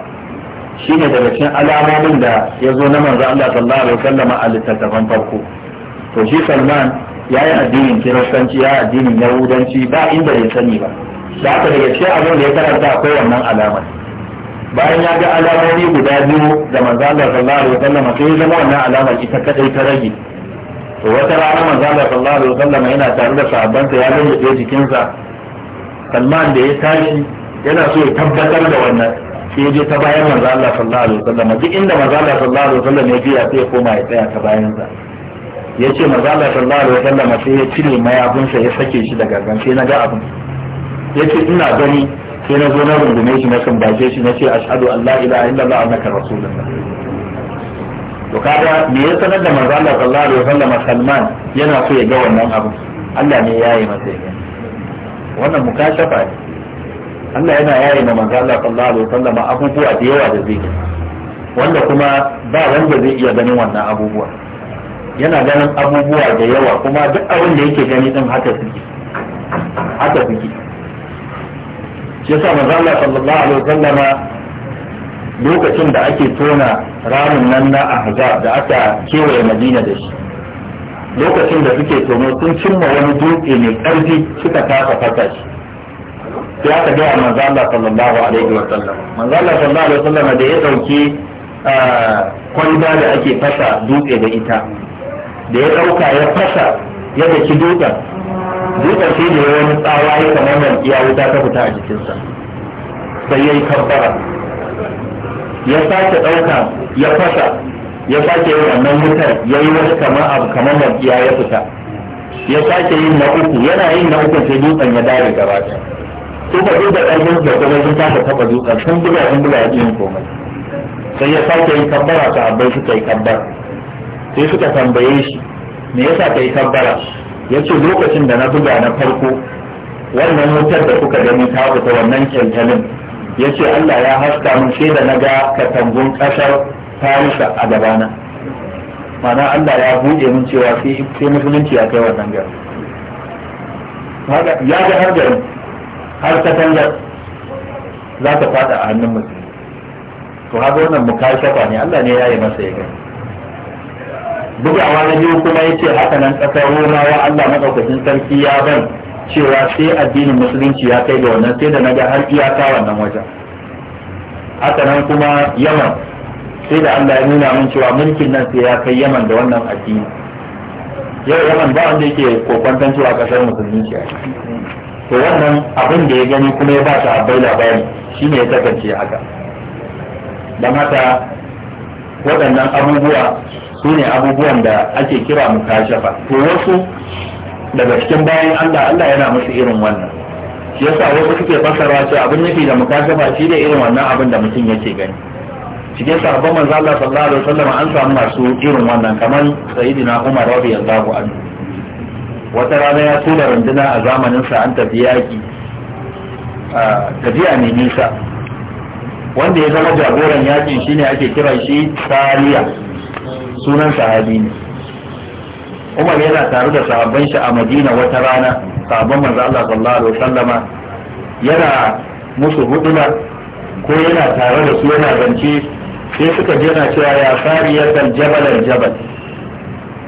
shi ne daga cikin alamomin da ya zo na manzo Allah sallallahu alaihi wasallama a littattafan farko to shi Salman ya yi addinin kiristanci ya addinin yahudanci ba inda ya sani ba da aka daga cikin abin da ya karanta akwai wannan alamar bayan ya ga alamomi guda biyu da manzo Allah sallallahu alaihi wasallama sai ya zama wannan alamar ita kadai ta rage to wata rana manzo Allah sallallahu alaihi wasallam yana tare da sahabbansa ya lulluɓe jikinsa Salman da ya tashi yana so ya tabbatar da wannan sai ya je ta bayan manzo Allah sallallahu alaihi wasallam duk inda manzo Allah sallallahu alaihi wasallam ya biya sai ya koma ya tsaya ta bayan sa ya ce manzo Allah sallallahu alaihi wasallam sai ya cire mayafinsa ya sake shi daga gangan sai na ga abin ya ce ina gani sai na zo na rungume shi na kan bace shi na ce ashhadu an la ilaha illallah annaka rasulullah to kaga me ya sanar da manzo Allah sallallahu alaihi wasallam Salman yana so ya ga wannan abu Allah ne yayi masa ya wannan mukashafa ne Allah yana yayi ma manzo Allah sallallahu alaihi wasallam abubuwa da yawa da zai wanda kuma ba wanda zai iya ganin wannan abubuwa yana ganin abubuwa da yawa kuma duk abin da yake gani din haka suke haka suke shi yasa manzo Allah sallallahu alaihi wasallama lokacin da ake tona ramin nan na ahzab da aka kewaye madina da shi lokacin da suke tono sun cimma wani dutse mai karfi suka tafa fata shi sai aka gaya manzo Allah sallallahu alaihi wa sallam manzo Allah sallallahu alaihi wa sallam da ya dauki ah, kwalba da ake fasa dutse da ita da ya dauka ya fasa ya daki dutsen dutsen sai da wani tsawa ya kamar mai iya wuta ta fita a jikinsa sai ya yi kabbara ya sake ɗauka ya fasa ya sake yin wannan wutar ya yi wasu kama abu kamar mafiya ya fita ya sake yin na uku yana yin na uku sai dutsen ya dare gaba ta su ka duba ƙarfin da kuma sun kasa taɓa dutsen sun buga sun buga ya yin komai sai ya sake yin kabbara ta abai suka yi kabbara sai suka tambaye shi me yasa ka yi kabbara ya ce lokacin da na buga na farko wannan mutar da kuka gani ta fita wannan kyalkyalin ya ce Allah ya haska mun sai da na ga katangun ƙasar Farisa a gabana mana Allah ya buɗe min cewa sai musulunci ya kai wannan gari ya ga har gari har katangar za ta fada a hannun musulmi to haka wannan mukashafa ne Allah ne ya yi masa ya gani bugawa na biyu kuma ya ce haka nan ƙasar Romawa Allah maɗaukakin sarki ya ban cewa sai addinin musulunci ya kai ga wannan sai da naga ga har iyaka wannan wajen haka nan kuma yaman sai da allah ya nuna min cewa mulkin nan sai ya kai yaman da wannan addini yau yaman ba wanda yake kokwantan cewa kasar musulunci a to wannan abin da ya gani kuma ya ba ta abai labari shine ya kasance haka don haka waɗannan abubuwa su ne abubuwan da ake kira mu kashafa to wasu daga cikin bayan Allah Allah yana musu irin wannan shi yasa wasu suke fassara cewa abin nufi da mukasaba shi ne irin wannan abin da mutum yake gani cikin sahabban manzo Allah sallallahu alaihi wasallam an samu masu irin wannan kamar sayyidina Umar radiyallahu anhu wata rana ya tura runduna a zamanin sa an tafi yaki tafiya mai nisa wanda ya zama jagoran yakin shine ake kira shi Sariya sunan sahabi ne Umar yana tare da sahabban shi a Madina wata rana sahabban manzo Allah sallallahu alaihi wasallama yana musu huduna ko yana tare da su yana zance sai suka je na cewa ya fariya dal jabal al jabal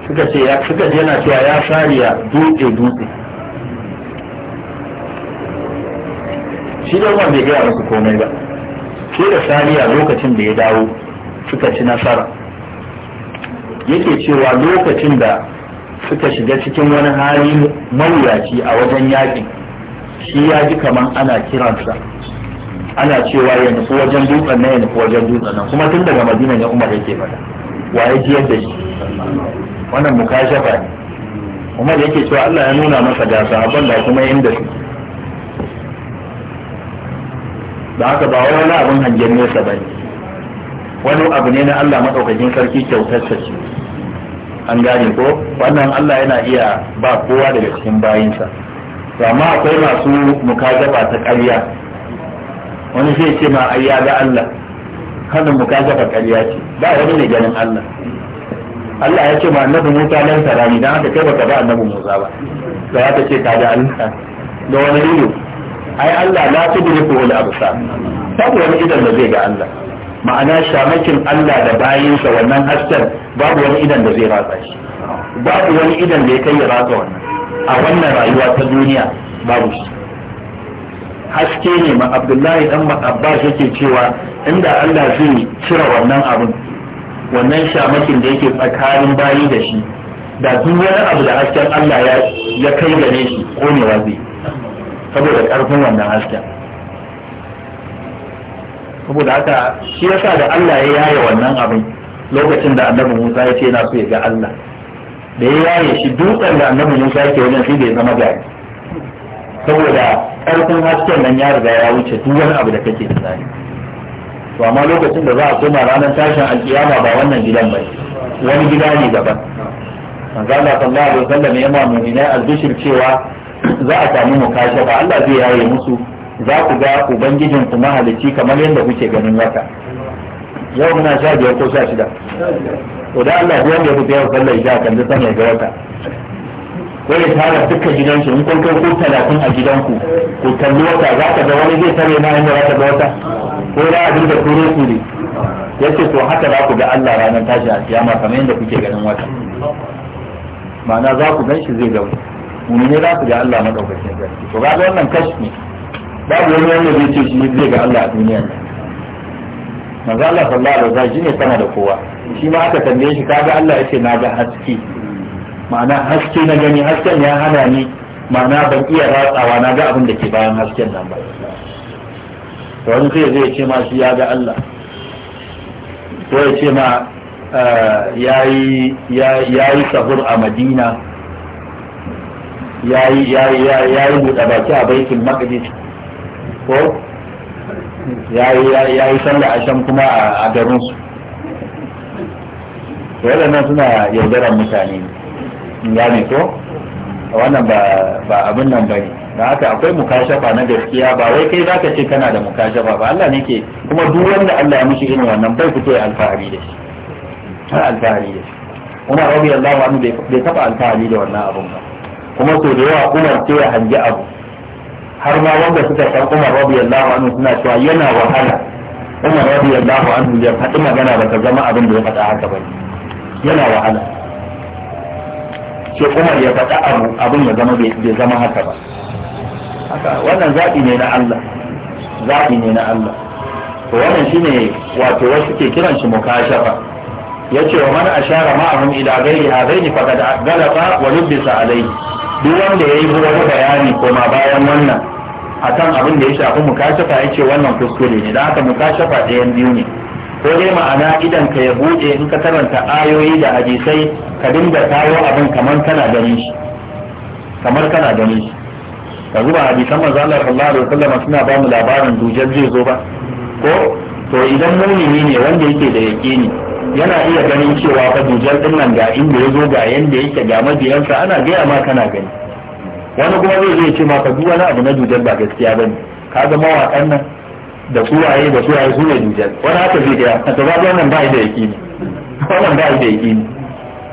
suka ce ya suka je na cewa ya fariya dutse dutse shi da Umar bai gaya musu komai ba sai da fariya lokacin da ya dawo suka ci nasara yake cewa lokacin da suka shiga cikin wani hali mawuyaci a wajen yaƙin shi ya ji kamar ana kiransa ana cewa ya nufi wajen dutsen nan ya nufi wajen dutsen nan kuma tun daga madina ne umar yake fada wa ya ji yadda shi wannan mukashafa ne umar yake cewa Allah ya nuna masa gasa abin da kuma inda su da haka ba wani abin hangen nesa ba ne wani abu ne na Allah maɗaukakin sarki kyautar ce an gane ko wannan Allah yana iya ba kowa daga cikin bayinsa amma akwai masu mukazaba ta ƙarya wani zai ce ma ai ya ga Allah hannun mukazaba ƙarya ce ba wani ne ganin Allah Allah ya ce ma annabi Musa lan sarani dan haka kai baka ba annabi Musa ba da ya ce ka ga Allah da wani ido ai Allah la tudriku al absar babu wani idan da zai ga Allah ma'ana shamakin Allah da bayinsa wannan hasken babu wani idan da zai ratsa shi babu wani idan da ya kai ya ratsa wannan a wannan rayuwa ta duniya babu shi haske ne ma abdullahi dan abbas yake cewa inda allah zai cire wannan abin wannan shamakin da yake tsakanin bayi da shi da duk wani abu da hasken allah ya kai gane shi konewa zai saboda karfin wannan hasken saboda haka shi yasa da allah ya yaya wannan abin lokacin da annabi Musa ya ce yana so ya ga Allah da ya yaye shi dutsen da annabi Musa yake wajen shi bai zama gari saboda ƙarfin hasken nan ya riga ya wuce duk wani abu da kake tunani to amma lokacin da za a koma ranar tashin alƙiyama ba wannan gidan ba wani gida ne gaban. manzo Allah sallallahu alaihi wasallam ya ma mu'mina albishir cewa za a samu mukashafa Allah zai yaye musu za ku ga ubangijin ku mahalicci kamar yadda kuke ganin wata yau muna sha biyar ko sha shida ko da Allah duk wanda ya fita yau sallar isha kan da sanar ga wata ko ya tara dukkan gidansu in kun ko talatin a gidanku ku kalli wata za ka ga wani zai tare na inda za ka ga wata ko da a dinga turo su ne ce to haka za ku ga Allah ranar tashi a kiyama kamar yadda kuke ganin wata ma'ana za ku gan shi zai ga ne za ku ga Allah maɗaukacin gaske to ga wannan kashi babu wani wanda zai ce shi zai ga Allah a duniyar nan manzo Allah sallallahu alaihi wasallam shine sama da kowa shi ma aka tambaye shi kaga Allah yace na ga haske ma'ana haske na gani hasken ya hana ni ma'ana ban iya ratsawa na ga abin da ke bayan hasken nan ba to wani sai zai ce ma shi ya ga Allah ko ya ce ma ah, yayi yayi sahur a Madina yayi yayi yayi da baki a baitul maqdis ko ya yi sallah a shan kuma a garin su waɗannan suna yaudarar mutane Ya ne ko wannan ba abin nan ba ne da haka akwai mukashafa na gaskiya ba wai kai za ka ce kana da mukashafa ba Allah ne ke kuma duk wanda Allah ya mishi irin wannan bai fito ya alfahari da shi har alfahari da shi Umar radiyallahu anhu bai taba alfahari da wannan abun ba kuma so da yawa kuma sai ya hangi abu har ma wanda suka san Umar radiyallahu anhu suna cewa yana wahala Umar radiyallahu anhu ya faɗi magana ba ta zama abin da ya faɗa haka ba yana wahala sai Umar ya faɗa abu abin ya zama bai zama haka ba haka wannan zaɓi ne na Allah zaɓi ne na Allah to wannan shine wato wasu ke kiran shi mukashafa yace wa man ashara ma'ahum ila ghairi hadaini faqad galaba wa lubisa alayhi duk wanda ya yi wani bayani koma bayan wannan akan abin da ya shafi mukashafa ya ce wannan kuskure ne da haka mukashafa ɗayan biyu ne ko dai ma'ana idan ka ya buɗe in ka karanta ayoyi da hadisai ka dinga kawo abin kamar kana ganin shi kamar kana ganin shi ka zuba hadisan manzo Allah sallallahu alaihi wasallam suna ba mu labarin dujar zai zo ba ko to idan mumini ne wanda yake da yaƙini yana iya ganin cewa fa dujar din nan ga inda yazo ga yanda yake ga majiyansa ana gaya ma kana gani wani kuma zai zai ce maka duk wani abu na dujar ba gaskiya bane ga mawaƙan nan da suwaye da suwaye su ne dujar wani haka zai gaya ka ba wannan ba da yaki wannan ba da yaki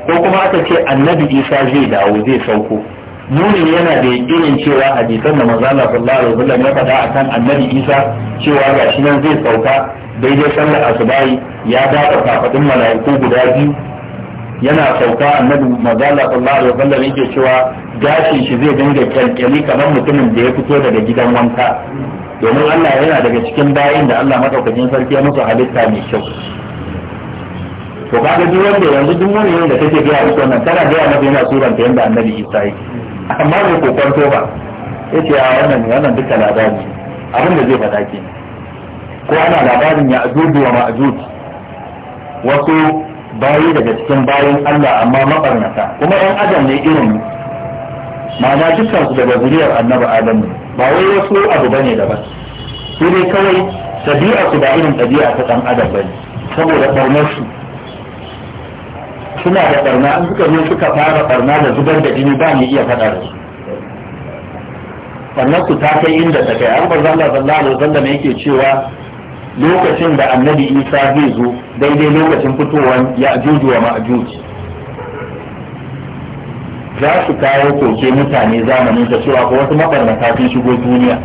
ko kuma aka ce annabi isa zai dawo zai sauko nuni yana da yakinin cewa hadisan da manzo Allah sallallahu alaihi wasallam ya faɗa akan annabi Isa cewa shi nan zai sauka daidai sallar asubahi ya dafa kafadin mala'iku guda biyu yana sauka annabi manzo Allah sallallahu alaihi wasallam yake cewa gashi shi zai dinga kyalkyali kamar mutumin da ya fito daga gidan wanka domin Allah yana daga cikin bayan da Allah madaukakin sarki ya musu halitta mai kyau to kaga duk wanda yanzu duk wani da kake gaya wannan tana gaya maka yana ta yanda annabi Isa yake amma bai kokonto ba ya ce a wannan wannan duka labari abin da zai faɗa ke ko ana labarin ya ajuji wa wasu bayi daga cikin bayan Allah amma mabarnata kuma ɗan adam ne irin ma'ana dukkan su daga zuriyar annabi adam ba wai wasu abu bane ba su ne kawai tabi'a su ba irin tabi'a ta ɗan adam bane saboda ɓarnar su suna da barna an suka zo suka fara barna da zubar da jini ba ni iya faɗa da su wannan ku ta kai inda ta kai an zalla zalla sallallahu alaihi wasallam yake cewa lokacin da annabi Isa zai zo daidai lokacin fitowar ajuju wa ma'ajuji za su kawo koke mutane zamanin da cewa ko wasu mabarnata sun shigo duniya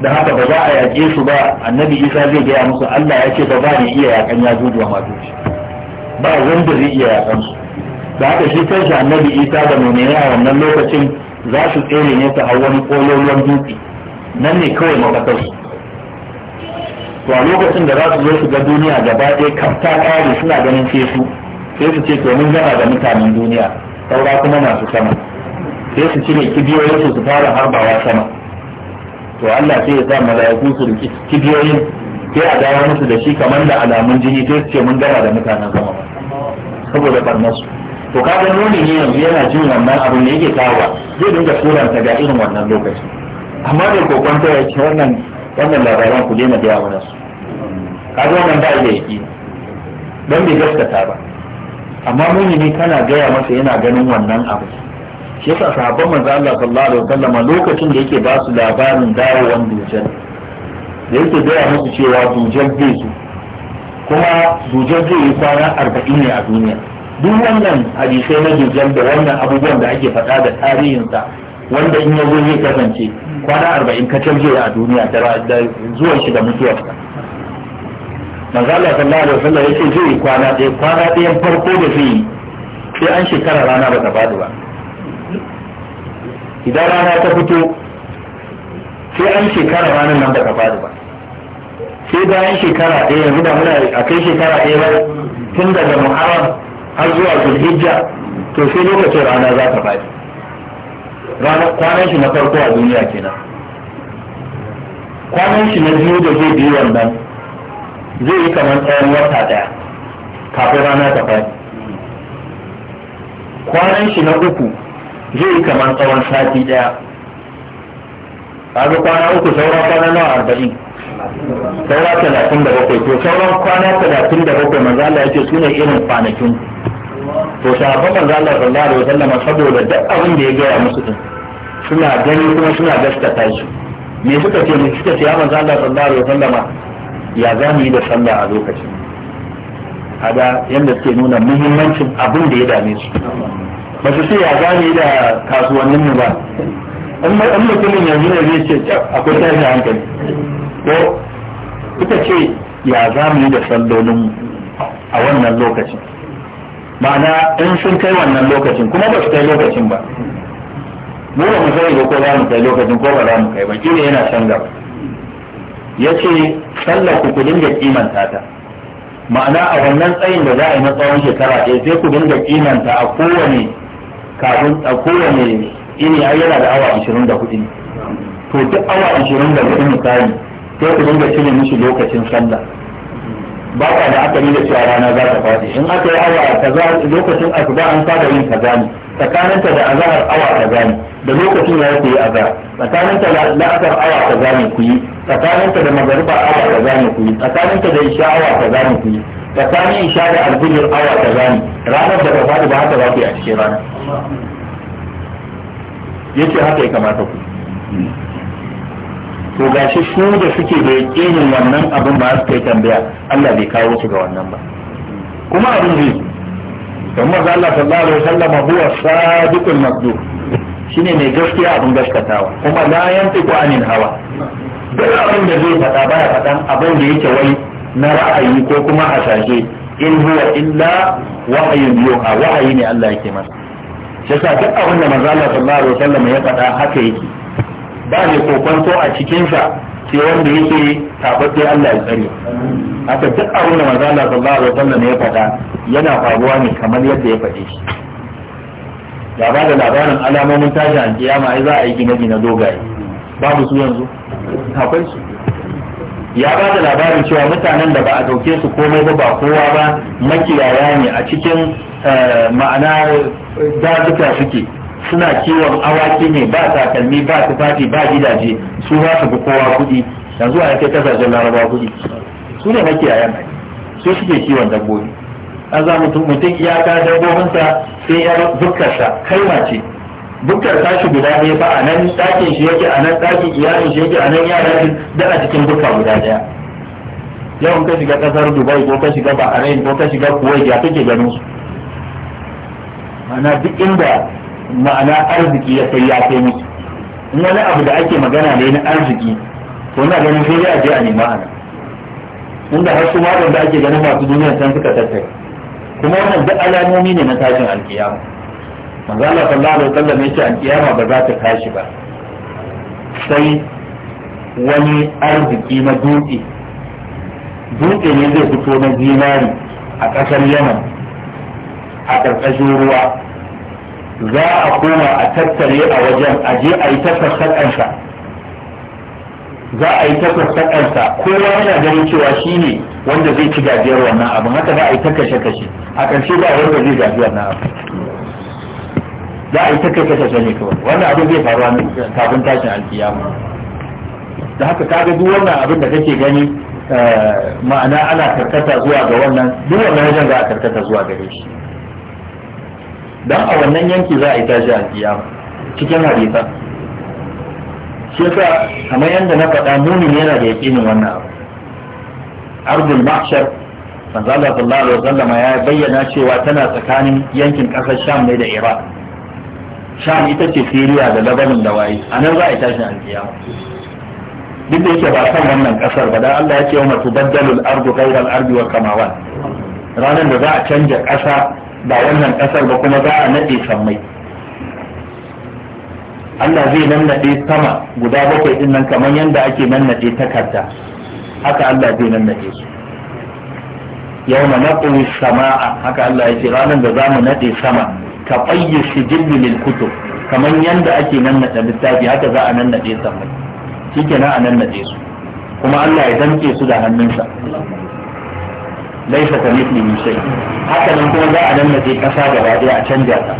da haka ba za a yaƙe su ba annabi Isa zai gaya musu Allah ya ce ba ba ni iya yaƙan ya juju wa ma'ajuji ba wanda zai iya yakan su da haka shi kanshi annabi isa da mummune a wannan lokacin za su tsere ne su hau wani kololuwan dutse nan ne kawai mafakar to a lokacin da za su zo su ga duniya gaba ɗaya kafta ƙari suna ganin sai su sai su ce to mun gama da mutanen duniya saura kuma masu sama sai su cire kibiyoyinsu su fara harbawa sama to Allah sai ya sa mala'iku su riki kibiyoyin sai a dawo musu da shi kamar da alamun jini sai su ce mun gama da mutanen sama ba saboda barnasu to ka ga nuni ne yanzu yana jin wannan abin da yake kawo zai dinga turanta ga irin wannan lokaci amma da kokon ta ya ce wannan wannan labaran ku daina gaya wa nasu ka ga wannan ba da yaki don bai gaskata ba amma muni ne kana gaya masa yana ganin wannan abu shi yasa sahabban manzo Allah sallallahu alaihi wasallam lokacin da yake ba su labarin dawowan dujal da yake gaya musu cewa dujal bai su. kuma dujar zai yi kwana arba'in ne a duniya duk wannan hadisai na dujar da wannan abubuwan da ake faɗa da tarihinsa wanda in yazo zai kasance kwana arba'in kacal zai a duniya da zuwan shi da mutuwarsa manzo Allah sallallahu alaihi wasallam yace zai yi kwana ɗaya kwana ɗaya farko da zai yi sai an shekara rana ba ta faɗi ba idan rana ta fito sai an shekara ranar nan ba ta faɗi ba sai bayan shekara ɗaya yanzu da muna a kai shekara ɗaya ba tun daga muharram har zuwa zulhijja to sai lokacin rana za ta faɗi kwanan shi na farko a duniya kenan kwanan shi na biyu da zai biyu wannan zai yi kamar tsawon wata ɗaya kafin rana ta faɗi kwanan shi na uku zai yi kamar tsawon sati ɗaya ga kwana uku saura kwana nawa arba'in saura talatin da bakwai to sauran kwana talatin da bakwai manzo Allah yake su ne irin kwanakin to sahabban manzo Allah sallallahu alaihi wasallam saboda duk abin da ya gaya musu din suna gani kuma suna gaskata shi me suka ce ne suka ce ya manzo Allah sallallahu alaihi wasallam ya za mu yi da sallah a lokacin kaga yanda suke nuna muhimmancin abin da ya dame su ba su ce ya mu yi da kasuwannin mu ba in mutumin yanzu ne zai ce akwai tashin hankali ko ita ce ya za mu yi da sallolin a wannan lokacin ma'ana in sun kai wannan lokacin kuma ba su kai lokacin ba mu ba mu sai ko za mu kai lokacin ko ba za mu kai ba ne yana canza gaba ya ce sallar ku ku dinga kimanta ta ma'ana a wannan tsayin da za a yi na tsawon shekara ɗaya sai ku dinga kimanta a kowane kafin a kowane ini ayyana yana da awa 24 ne to duk awa 24 misali sai ku dinga cire mishi lokacin sallah ba ka da akali da cewa rana za ta faɗi in aka yi awa kaza lokacin asuba an saba yin kaza ne tsakaninta da azahar awa kaza ne da lokacin ya ku azahar tsakaninta da la'asar awa kaza ne ku yi tsakaninta da magariba awa kaza ne ku yi tsakaninta da isha awa kaza ne ku yi tsakanin isha da alfijir awa kaza ne ranar da ta faɗi ba haka za ku yi a cikin rana yace haka ya kamata ku to gashi su da suke da yakinin wannan abin ba su kai tambaya Allah bai kawo su ga wannan ba kuma abin zai don maza Allah sallallahu alaihi wasallam huwa sadiqul masduq shine mai gaskiya abin gaskatawa kuma la yantiqu anil hawa duk abin da zai faɗa baya faɗan abin da yake wai na ra'ayi ko kuma a hasashe in huwa illa wahayun yuha wahayi ne Allah yake masa shi yasa duk abin da manzo Allah sallallahu alaihi wasallam ya faɗa haka yake ba ne kokonto a cikinsa sai wanda yake tabbatai Allah ya tsare haka duk abin da manzo Allah sallallahu alaihi wasallam ya faɗa yana faruwa ne kamar yadda ya faɗe shi ya ba da labarin alamomin an kiyama ai za a yi gine-gine dogaye babu su yanzu akwai su ya ba da labarin cewa mutanen da ba a dauke su komai ba ba kowa ba makiyaya ne a cikin eh, ma'ana eh, dazuka suke suna kiwon awaki ne ba takalmi ba tufafi ba gidaje su za su kowa kudi yanzu a yake kasashen laraba kuɗi su ne makiyayan su suke kiwon dabbobi an za mutum mutum ka dabbobinsa sai bukarsa kai kaima ce bukkar tashi guda ne ba a nan ɗakin shi yake a nan ɗakin iyalin shi yake a nan yara shi da a cikin bukka guda ɗaya yawan ka shiga ƙasar dubai ko ka shiga bahrain ko ka shiga kuwait ya kake ganin su ma'ana duk inda ma'ana arziki ya sai ya kai musu in wani abu da ake magana ne na arziki to na ganin sai ya je a nema ana inda har su malam da ake ganin masu duniya can suka tattai kuma wannan duk alamomi ne na tashin alkiyama manzo Allah sallallahu alaihi wasallam yace alkiyama ba za ta tashi ba sai wani arziki na dutse dutse ne zai fito na zinari a ƙasar yaman a ƙarƙashin ruwa za a koma a tattare a wajen a je a yi ta za a yi ta kowa yana ganin cewa shi ne wanda zai ci gajiyar wannan abin haka za a yi ta kashe a ƙarshe ba wanda zai gaji wannan abin za a yi ta kashe ne kawai wannan abin zai faru kafin tashin alkiyama da haka ka ga duk wannan abin da kake gani eh, ma'ana ana karkata zuwa ga wannan duk wannan wajen za a karkata zuwa gare shi dan a wannan yanki za a yi tashi a kiyama cikin hadisa shi yasa kamar yadda na faɗa mumin yana da yaƙinin wannan abu ardul mahshar manzo Allah sallallahu alaihi wasallam ya bayyana cewa tana tsakanin yankin ƙasar Sham ne da Iraq Sham ita ce Syria da Lebanon da waye anan za a yi tashi a kiyama duk da yake ba san wannan kasar ba dan Allah ya ce wa tubaddalu al-ardu ghayra al-ardi wa kamawat ranar da za a canja ƙasa ba wannan kasar ba kuma za a nade sammai Allah zai nannade sama guda bakwai din nan kamar yadda ake nannade takarda haka Allah zai nannade su yawma naqwi samaa haka Allah ya ce ranar da zamu nade sama ka qayyi sijilli lil kutub kamar yadda ake nannade littafi haka za a nannade sammai shikenan a nannade su kuma Allah ya danke su da hannunsa laifa ka mithlihi shay haka nan kuma za a lallace kasa gaba daya a canja ta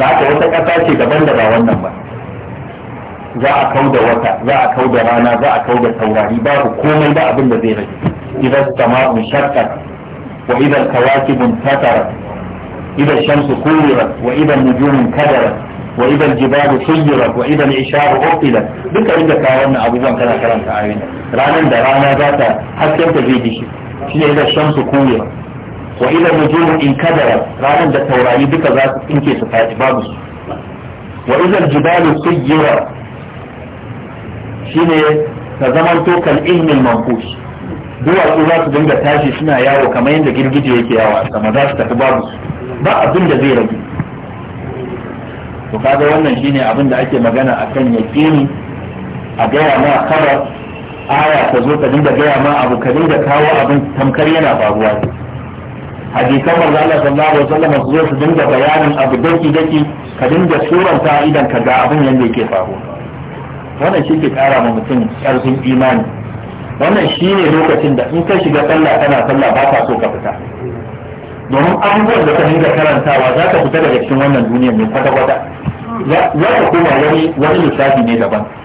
za ta wata kasa ce daban da ba wannan ba za a kau da wata za a kau da rana za a kau da taurari babu komai ba abin da zai rage idan mu shakka wa idan kawakibun tatara idan shamsu kullirat wa idan nujumun kadara wa idan jibalu suyirat wa idan isharu uqilat duka inda ka wannan abubuwan kana karanta ayoyin ranan da rana za ta hasken ta zai dishi shi ne da shamsu kuya wa ila nujum in kadara ranar da taurari duka za su tsinke su faɗi babu su wa ila jibalu sujjira shi ne ta zamanto kal ilmin manfus duwatsu za su dinga tashi suna yawo kamar yadda girgije yake yawa sama za su tafi babu su ba abin da zai rage to kaga wannan shine abin da ake magana akan yaqini a gaya ma kabar aya ka zo ka dinga gaya ma abu ka dinga kawo abin tamkar yana faruwa hadisan manzo Allah sallallahu alaihi wasallam su zo su dinga bayanin abu daki daki ka dinga suranta idan ka ga abin yanda yake faruwa wannan shi ke kara ma mutum karfin imani wannan shi ne lokacin da in ka shiga sallah kana sallah ba ka so ka fita domin abubuwan da ka dinga karantawa za ka fita daga cikin wannan duniyar ne kwata-kwata za ka koma wani wani lissafi ne daban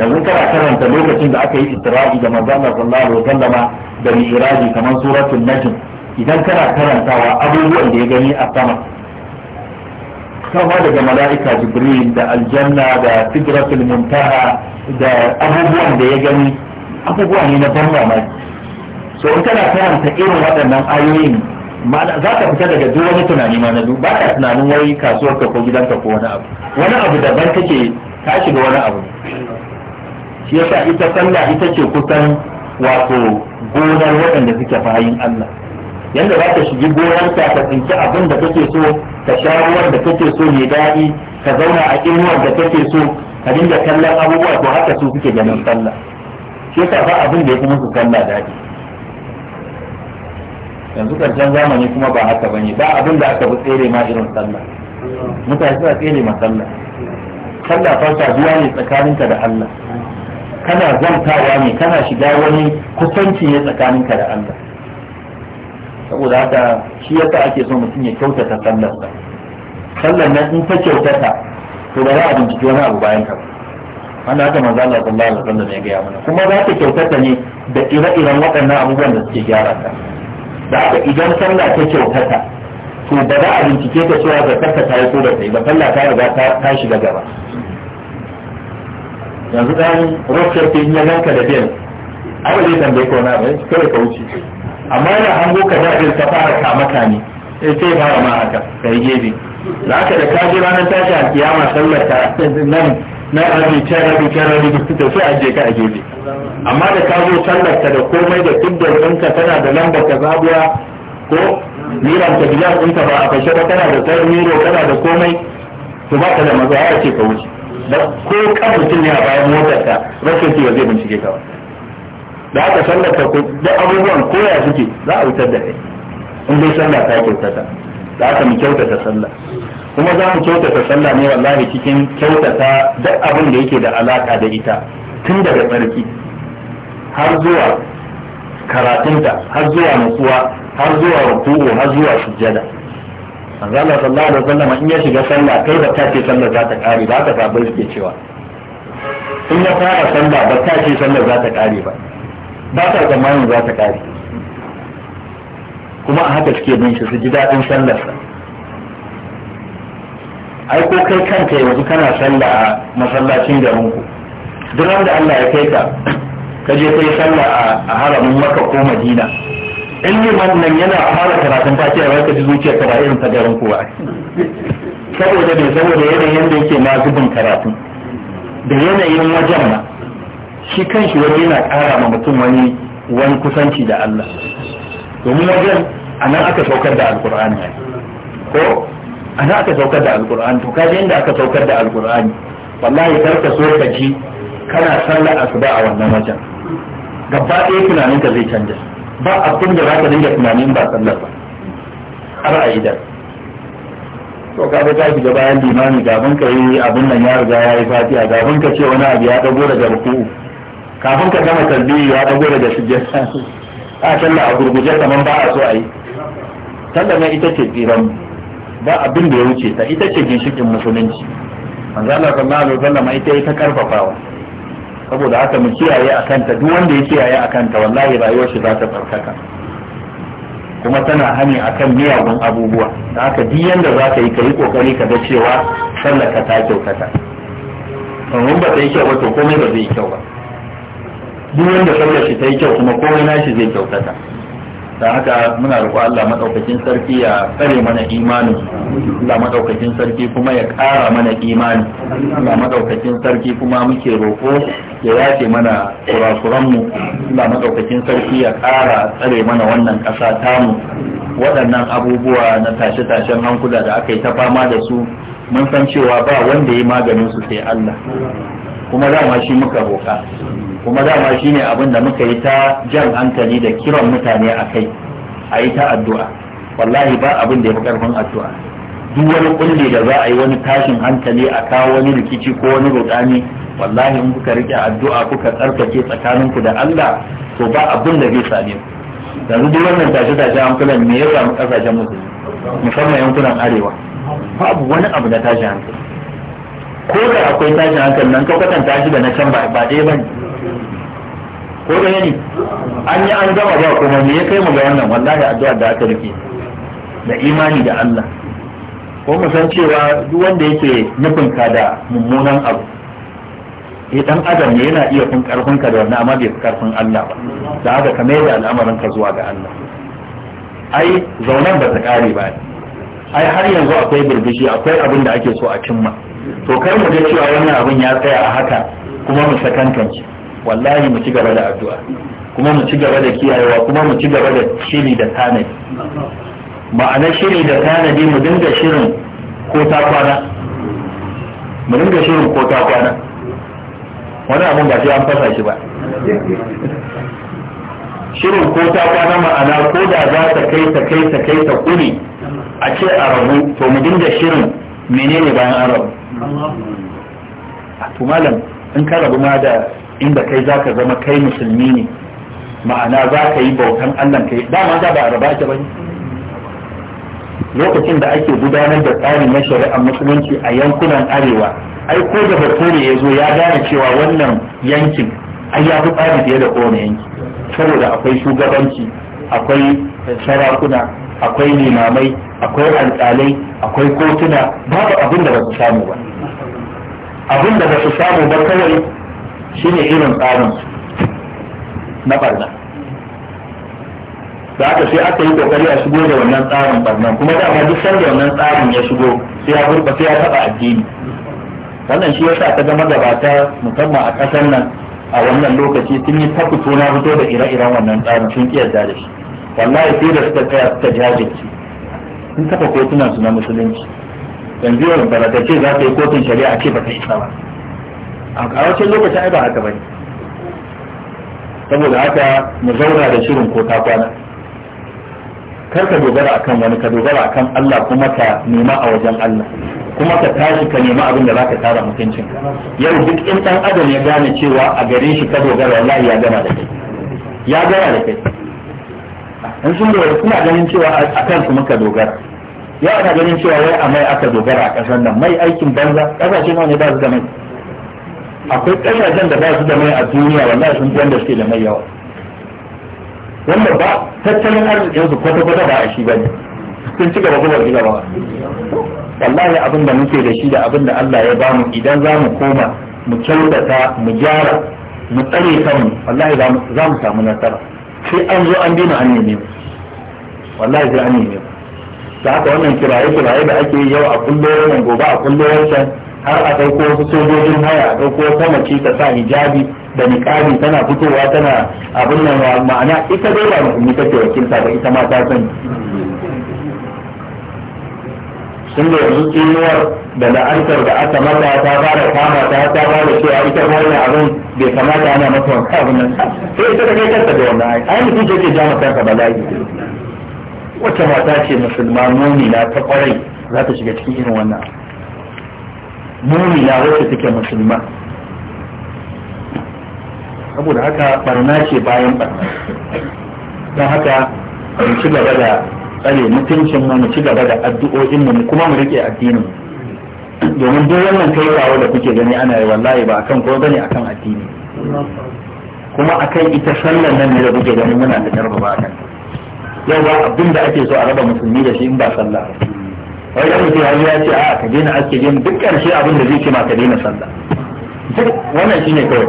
yanzu kana karanta lokacin da aka yi istirahi da manzo Allah sallallahu alaihi wasallama da mi'raji kamar suratul najm idan kana karantawa abubuwan da ya gani a sama kama daga mala'ika jibril da aljanna da sidratul muntaha da abubuwan da ya gani abubuwa ne na ban mamaki so in kana karanta irin waɗannan ayoyin ma'ana za ka fita daga duk wani tunani ma na ba ka tunanin wai kasuwarka ko gidanka ko wani abu wani abu daban kake ka shiga wani abu shi yasa ita sallah ita ce kusan wato gonar waɗanda suke bayin Allah yanda za ka shigi gonarka ka tsinci abin da kake so ka sha ruwan da kake so mai daɗi ka zauna a inuwar da kake so ka dinga kallon abubuwa to haka su suke ganin sallah shi yasa ba abin da ya kuma su sallah daɗi yanzu karshen zamani kuma ba haka ba ne, ba abin da aka fi tsere ma irin sallah mutane suna tsere ma sallah sallah fa saduwa ne tsakaninka da Allah kana zantawa ne kana shiga wani kusanci ne tsakaninka da Allah saboda haka shi yasa ake so mutum ya kyautata sa sallar nan in ta kyautata to ba za a binciki wani abu bayan ka wanda haka manzo Allah sallallahu alaihi wasallam ya gaya mana kuma za ta kyautata ne da ire-iren waɗannan abubuwan da suke gyara ta da haka idan sallah ta kyautata to ba za a bincike ta cewa zakarta ta yi ko da ta yi ba sallah ta riga ta shiga gaba yanzu dan rokshar ta ya ganka da biyan abu zai tambaye ko na bai kawai ka wuce amma yana hango ka da ta fara maka ne eh, sai sai fara ma haka kai gebe la ka da ka ji ranar tashi a kiyama sallar ta nan na aji can rabi can rabi duk da sai aje ka a gefe amma da ka zo sallar ta da komai da duk da ɗinka tana da lambar ka zabuwa ko miran ta gilas ɗinka ba a fashe ba tana da tarmiro tana da komai to ba ka da maza ya ce ka wuce da ko kan mutum ne a bayan motarsa rashin ciwo ba zai bincike ka da aka sallata ta duk abubuwan koya suke za a wutar da kai in dai sallah ta kyautata da aka mu kyautata sallah kuma za mu kyautata sallah ne wallahi cikin kyautata duk abin da yake da alaka da ita tun daga tsarki har zuwa karatunta har zuwa nutsuwa har zuwa ruku'u har zuwa sujjada manzo Allah sallallahu alaihi wasallam in ya shiga sallah kai ba ta ce sallar za ta kare ba ta sabai suke cewa in ya fara sallah ba ta ce sallar za ta kare ba ba ta tsammanin za ta kare kuma a haka suke bin shi su ji daɗin sallarsa ai ko kai kanka yanzu kana sallah a masallacin garin ku duk wanda Allah ya kai ka ka je kai sallah a haramin maka ko madina in liman nan yana fara karatun fakiyar, ya ka ji zuciya ta ba irin ta garin kowa saboda ne saboda yanayin da yake na zubin karatu da yanayin wajen ma shi kan shi wani yana ƙara ma mutum wani wani kusanci da Allah domin wajen a nan aka saukar da alkur'ani ko a nan aka saukar da alkur'ani to kaji inda aka saukar da alkur'ani wallahi kar ka so ka ji kana sallar asuba a wannan wajen gaba ɗaya tunaninka zai canja ba abin da za ka dinga tunanin ba sallar ba har a idan to ka ga tashi ga bayan limami kafin ka yi abin nan ya riga ya yi fatiha kafin ka ce wani abu ya dago daga ruku'u kafin ka gama talbiyu ya dago daga sujjata a sallah a gurguje kaman ba a so a yi sallah ne ita ce tsiran ba abin da ya wuce ta ita ce ginshikin musulunci manzo Allah sallallahu alaihi wasallam ita ta karfafawa saboda haka mu kiyaye a kanta duk wanda ya kiyaye a kanta wallahi rayuwar shi za ta tsarkaka kuma tana hani akan miyagun abubuwa da haka duk yanda za ka yi ka yi kokari ka ga cewa sallar ka ta kyautata domin ba ta yi kyau ba to komai ba zai yi kyau ba duk wanda sallar shi ta yi kyau kuma komai nashi zai kyautata da haka muna roƙo Allah madaukakin sarki ya tsare mana imani Allah madaukakin sarki kuma ya ƙara mana imani Allah madaukakin sarki kuma muke roƙo ya yace mana kurakuran mu Allah madaukakin sarki ya ƙara tsare mana wannan ƙasa tamu waɗannan abubuwa na tashe-tashen hankula da aka yi ta fama da su mun san cewa ba wanda ya maganin su sai Allah kuma dama shi muka roƙa kuma dama shine abin da muka yi ta jan hankali da kiran mutane a kai a yi ta addu'a wallahi ba abin da ya fi karfin addu'a duk wani kulle da za a yi wani tashin hankali a kawo wani rikici ko wani rudani wallahi in kuka rike addu'a kuka tsarkake tsakaninku da Allah to ba abin da zai same ku yanzu duk wannan tashe tashe hankulan me ya samu kasashen musulmi musamman yankunan arewa babu wani abu da tashin hankali ko da akwai tashin hankali nan ka kwatanta shi da na can ba ɗaya ba ne ko ɗaya ne an yi an gama ba kuma me ya kai mu ga wannan wallahi addua da aka rike da imani da Allah ko mu san cewa duk wanda yake nufin ka da mummunan abu eh dan adam ne yana iya fin karfin ka da wannan amma bai karfin Allah ba da haka ka mai da al'amarin ka zuwa ga Allah ai zaunan ba ta kare ba ai har yanzu akwai birbishi akwai abin da ake so a cimma to kai mu ga cewa wannan abin ya tsaya a haka kuma mu sakankance wallahi mu ci gaba da addu'a kuma mu ci gaba da kiyayewa kuma mu ci gaba da shiri da tanadi ma'ana shiri da tanadi mu dinga shirin ko ta kwana mu dinga shirin ko ta kwana wani abun ba sai an fasa shi ba shirin ko ta kwana ma'ana ko da za ta kai ta kai ta kai ta kuri a ce a rabu to mu dinga shirin menene bayan an rabu to malam in ka rabu ma da inda kai za ka zama kai musulmi ne ma'ana za ka yi bautan allah ka yi dama za ba a raba ake bane lokacin da ake gudanar da tsari na shari'ar musulunci a yankunan arewa ai ko da bature ya zo ya gane cewa wannan yankin ai ya fi tsari fiye da kowane yanki saboda akwai shugabanci akwai sarakuna akwai limamai akwai alƙalai akwai kotuna babu abin da ba su samu ba abin da ba su samu ba kawai shi ne irin tsarin na barna da aka sai aka yi kokari a shigo da wannan tsarin barnan kuma da ma duk sanda wannan tsarin ya shigo sai ya burba sai ya taba addini wannan shi yasa ta gama gabata musamman a ƙasar nan a wannan lokaci sun yi ta fito na fito da ire-iren wannan tsarin sun ƙi da shi wallahi sai da suka tsaya suka jajirce sun taɓa kotunan su na musulunci yanzu yau ba ta ce za ta yi kotun shari'a ce ba ta isa ba a wancan lokacin ai ba haka bane saboda haka mu zauna da shirin ko ta kwana kar ka dogara akan wani ka dogara akan Allah kuma ka nema a wajen Allah kuma ka tashi ka nema abin da zaka tara mutuncin yau duk in dan adam ya gane cewa a gare shi ka dogara wallahi ya gama da kai ya gama da kai in sun dogara kuna ganin cewa a kan su muka dogara ya ana ganin cewa wai a mai aka dogara a kasar nan mai aikin banza kasashe nawa ne ba su da mai akwai ƙasashen da ba su da mai a duniya wallahi sun wanda suke da mai yawa wanda ba tattalin arzikin su kwata kwata ba a shi bane sun ci gaba kuma ci gaba wallahi abin da muke da shi da abin da Allah ya bamu idan za mu koma mu kyautata mu gyara mu tsare kanmu wallahi za mu samu nasara sai an zo an dina an neme wallahi sai an neme da haka wannan kiraye kiraye da ake yau a kullo wannan gobe a kullo wancan har a ɗauko wasu sojojin haya a ɗauko wata mace ta sa hijabi da niƙabi tana fitowa tana abin nan ma'ana ita dai ba musulmi take wakilta ba ita ma ta sani sun da yanzu tsinuwar da la'antar da aka mata ta fara kama ta ta fara cewa ita ma wani abin bai kamata ana mata wanka abin nan sai ita da kai kanta da wannan ai ai mutum ke ja mata ka bala'i wacce mata ce musulma nuni na ta kwarai za ta shiga cikin irin wannan mumina wacce take musulma saboda haka barna ce bayan barna don haka mu ci gaba da tsare mutuncin mu ci gaba da addu'o'in mu kuma mu rike addinin domin duk wannan kai da kuke gani ana yi wallahi ba akan ko bane akan addini kuma akan ita sallar nan ne da kuke gani muna da ba akan yau ba abin da ake so a raba musulmi da shi in ba sallah wai wani ce hali ya ce a ka daina aske gemu duk karshe abin da zai ce ma ka daina sallah duk wannan shine kawai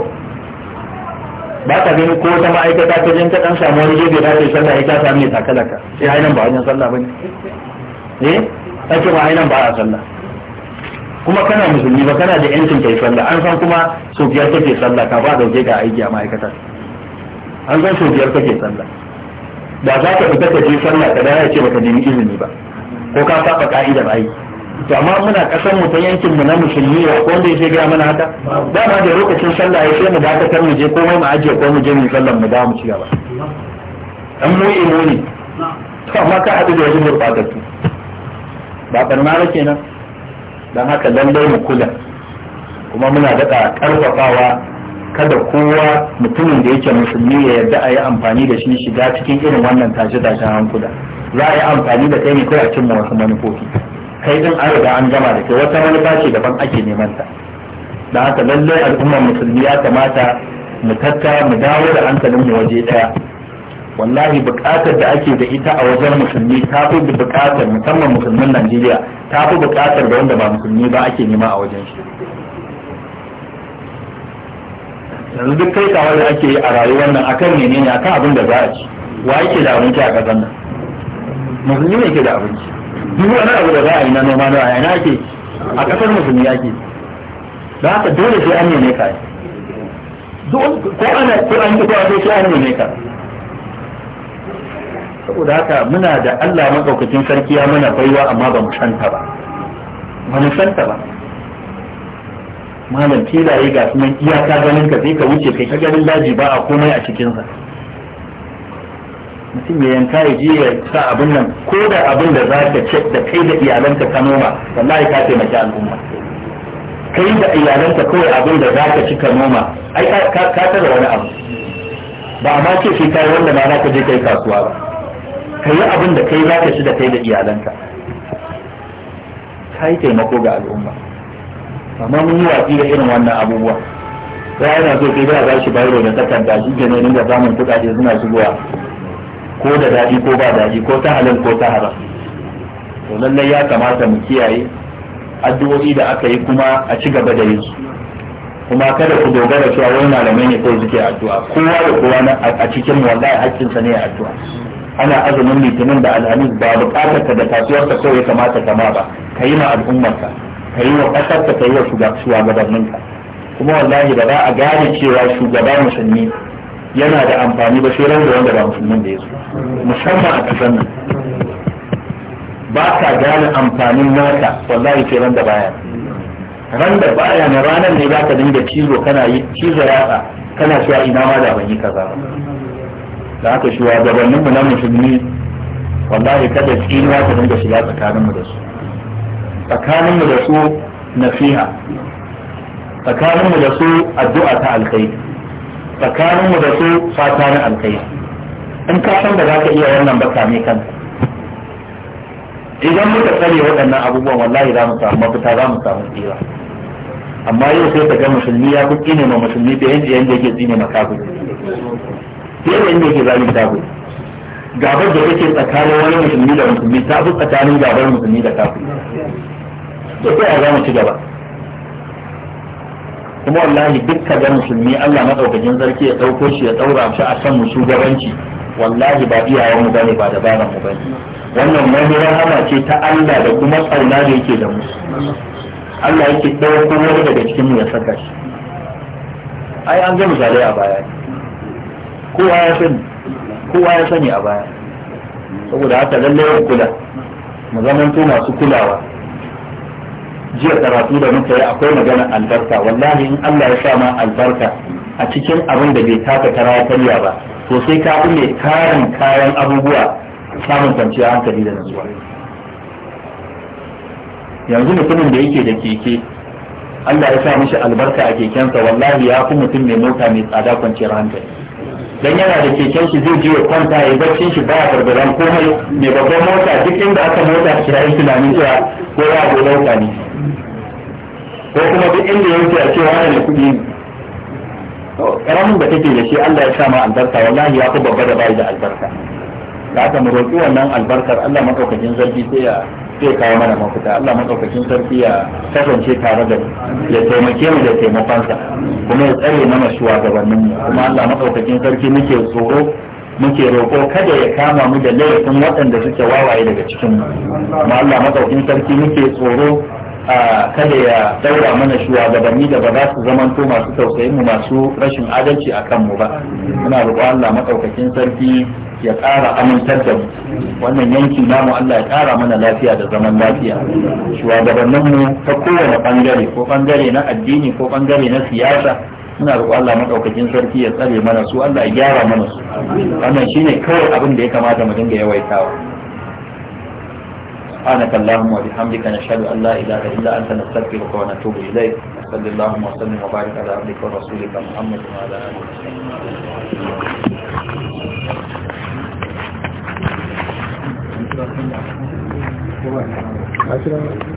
ba ka gani ko wata ma'aikata ta jin ka dan samu wani gefe da ke sallah ya ka samu ya taka laka sai hainan ba wajen sallah bane eh ake ma hainan ba a sallah kuma kana musulmi ba kana da yancin kai sallah an san kuma sau biyar kake sallah ka ba dauke ga aiki a ma'aikata an san sau biyar kake sallah da za ka fita ka je sallah ka dawo ya ce baka nemi izini ba ko ka saba ka'idar ai to amma muna kasan mu ta yankin mu na musulmi ko wanda yake ga mana haka ba ma da lokacin sallah ya sai mu dakatar mu je komai mu ajiye ko mu je mu sallar mu da mu ci gaba dan mu imo ne to amma ka hadu da wajen gurbatattu ba barna ba kenan dan haka lallai mu kula kuma muna daɗa ƙarfafawa kada kowa mutumin da yake musulmi ya yarda a yi amfani da shi shiga cikin irin wannan tashe-tashen hankula. za a yi amfani da kai ne kai a cimma wasu manufofi kai din an riga an gama da kai wata manufa ce daban ake neman ta da haka lallai al'ummar musulmi ya kamata mu tatta mu dawo da hankalin mu waje daya wallahi buƙatar da ake da ita a wajen musulmi ta fi buƙatar musamman musulmin Najeriya ta fi buƙatar da wanda ba musulmi ba ake nema a wajen shi yanzu duk kai kawai da ake yi a rayuwar nan akan menene akan abin da za a ci wa yake da abinci a ƙasar nan musulmi ne ke da abinci duk wani abu da za a yi na noma na yana ke a kasar musulmi yake da haka dole sai an neme ka ko ana ko an yi kwazo sai an neme ka saboda haka muna da Allah madaukakin sarki ya muna baiwa amma ba mu santa ba ba mu santa ba malam filaye ga sunan iyaka ganin ka sai ka wuce kai ka ganin daji ba a komai a cikinsa mutum ya yanka ya je ya sa abin nan ko da abin da za ka ce da kai da iyalanka ka noma wallahi ka taimaki al'umma kai da iyalanka kawai abin da za ka ci ka noma ai ka tara wani abu ba ma ce shi kai wanda ma za ka je kai kasuwa ba ka yi abin da kai za ka ci da kai da iyalanka ka yi taimako ga al'umma amma mun yi watsi da irin wannan abubuwa ya yana so sai da za shi bayro da takarda shi ke ne da zamun kuɗaɗe suna shigowa ko da daɗi ko ba daɗi ko ta halal ko ta haram to lallai ya kamata mu kiyaye addu'o'i da aka yi kuma a ci gaba da yin kuma kada ku dogara cewa wani malamai ne kawai suke addu'a kowa da kowa a cikin wallahi haƙƙinsa ne addu'a ana azumin litinin da alhamis ba buƙatar ka da kawai kamata kama ba ka yi ma al'ummarka ka yi wa ƙasar ka yi wa shugabanninka kuma wallahi ba za a gane cewa shugaba musulmi yana da amfani ba sai ran da wanda ba musulmin da ya so musamman a ƙasar nan ba ka gane amfanin naka wallahi ke ran da baya ran da baya na ranar ne za ka dinga cizo kana yi cizo yatsa kana cewa ina ma da ban yi kaza ba da haka mu na musulmi wallahi kada tsinuwa ta dinga shiga tsakaninmu da su tsakaninmu da su nasiha tsakaninmu da su addu'a ta alkhairi tsakaninmu da su fata na alkhairi in ka san da za ka iya wannan ba same kan idan muka tsare waɗannan abubuwan wallahi za mu samu mafita za mu samu tsira amma yau sai ka ga musulmi ya fi tsine ma musulmi da yanzu yanzu yake tsine ma kafin fiye da inda yake zalim kafin gabar da yake tsakanin wani musulmi da musulmi ta fi tsakanin gabar musulmi da kafin da sai za mu ci gaba kuma wallahi ka ga musulmi Allah madaukakin sarki ya ɗauko shi ya ɗaura shi a san mu shugabanci wallahi ba iyayenmu ba ne ba da banan mu ba wannan mahirar hana ce ta Allah da kuma tsauna da yake da mu Allah yake ɗauko wani daga cikin mu ya saka shi ai an ga misalai a baya kowa ya sani kowa ya sani a baya saboda haka lallai kula mu zamanto masu kulawa jiya karatu da muka yi akwai magana albarka wallahi in Allah ya sa ma albarka a cikin abin da bai taka kara karya ba to sai ka fi mai tarin kayan abubuwa samun kwanciya hankali da nutsuwa yanzu mutumin da yake da keke Allah ya sa mishi albarka a kekensa wallahi ya fi mutum mai mota mai tsada kwanciyar hankali dan yana da keken shi zai jiwa kwanta ya bacci shi baya barbaran komai mai babban mota duk inda aka mota shi yayin tunanin cewa ko ya go lauka ne ko kuma duk inda ya wuce a cewa ne da kuɗi karamin da take da shi Allah ya sa ma albarka wallahi ya fi babba da bai da albarka da aka mu roƙi wannan albarkar Allah madaukakin sarki sai ya sai kawo mana mafita Allah madaukakin sarki ya kasance tare da ya taimake mu da taimakonsa kuma ya tsare mana shugabannin mu kuma Allah madaukakin sarki muke tsoro muke roƙo kada ya kama mu da laifin waɗanda suke wawaye daga cikin mu kuma Allah madaukakin sarki muke tsoro a kada ya daura mana shugabanni da ba za su zamanto masu tausayin mu masu rashin adalci a kanmu ba muna roƙon Allah maɗaukakin sarki ya ƙara amintar da mu wannan yanki namu Allah ya ƙara mana lafiya da zaman lafiya shugabannin mu ta kowane ɓangare ko bangare na addini ko bangare na siyasa muna roƙon Allah maɗaukakin sarki ya tsare mana su Allah ya gyara mana su wannan shine kawai abin da ya kamata mu dinga yawaitawa سبحانك اللهم وبحمدك نشهد أن لا إله إلا أنت نستغفرك ونتوب إليك صلى الله وسلم وبارك على عبدك ورسولك محمد وعلى آله وصحبه وسلم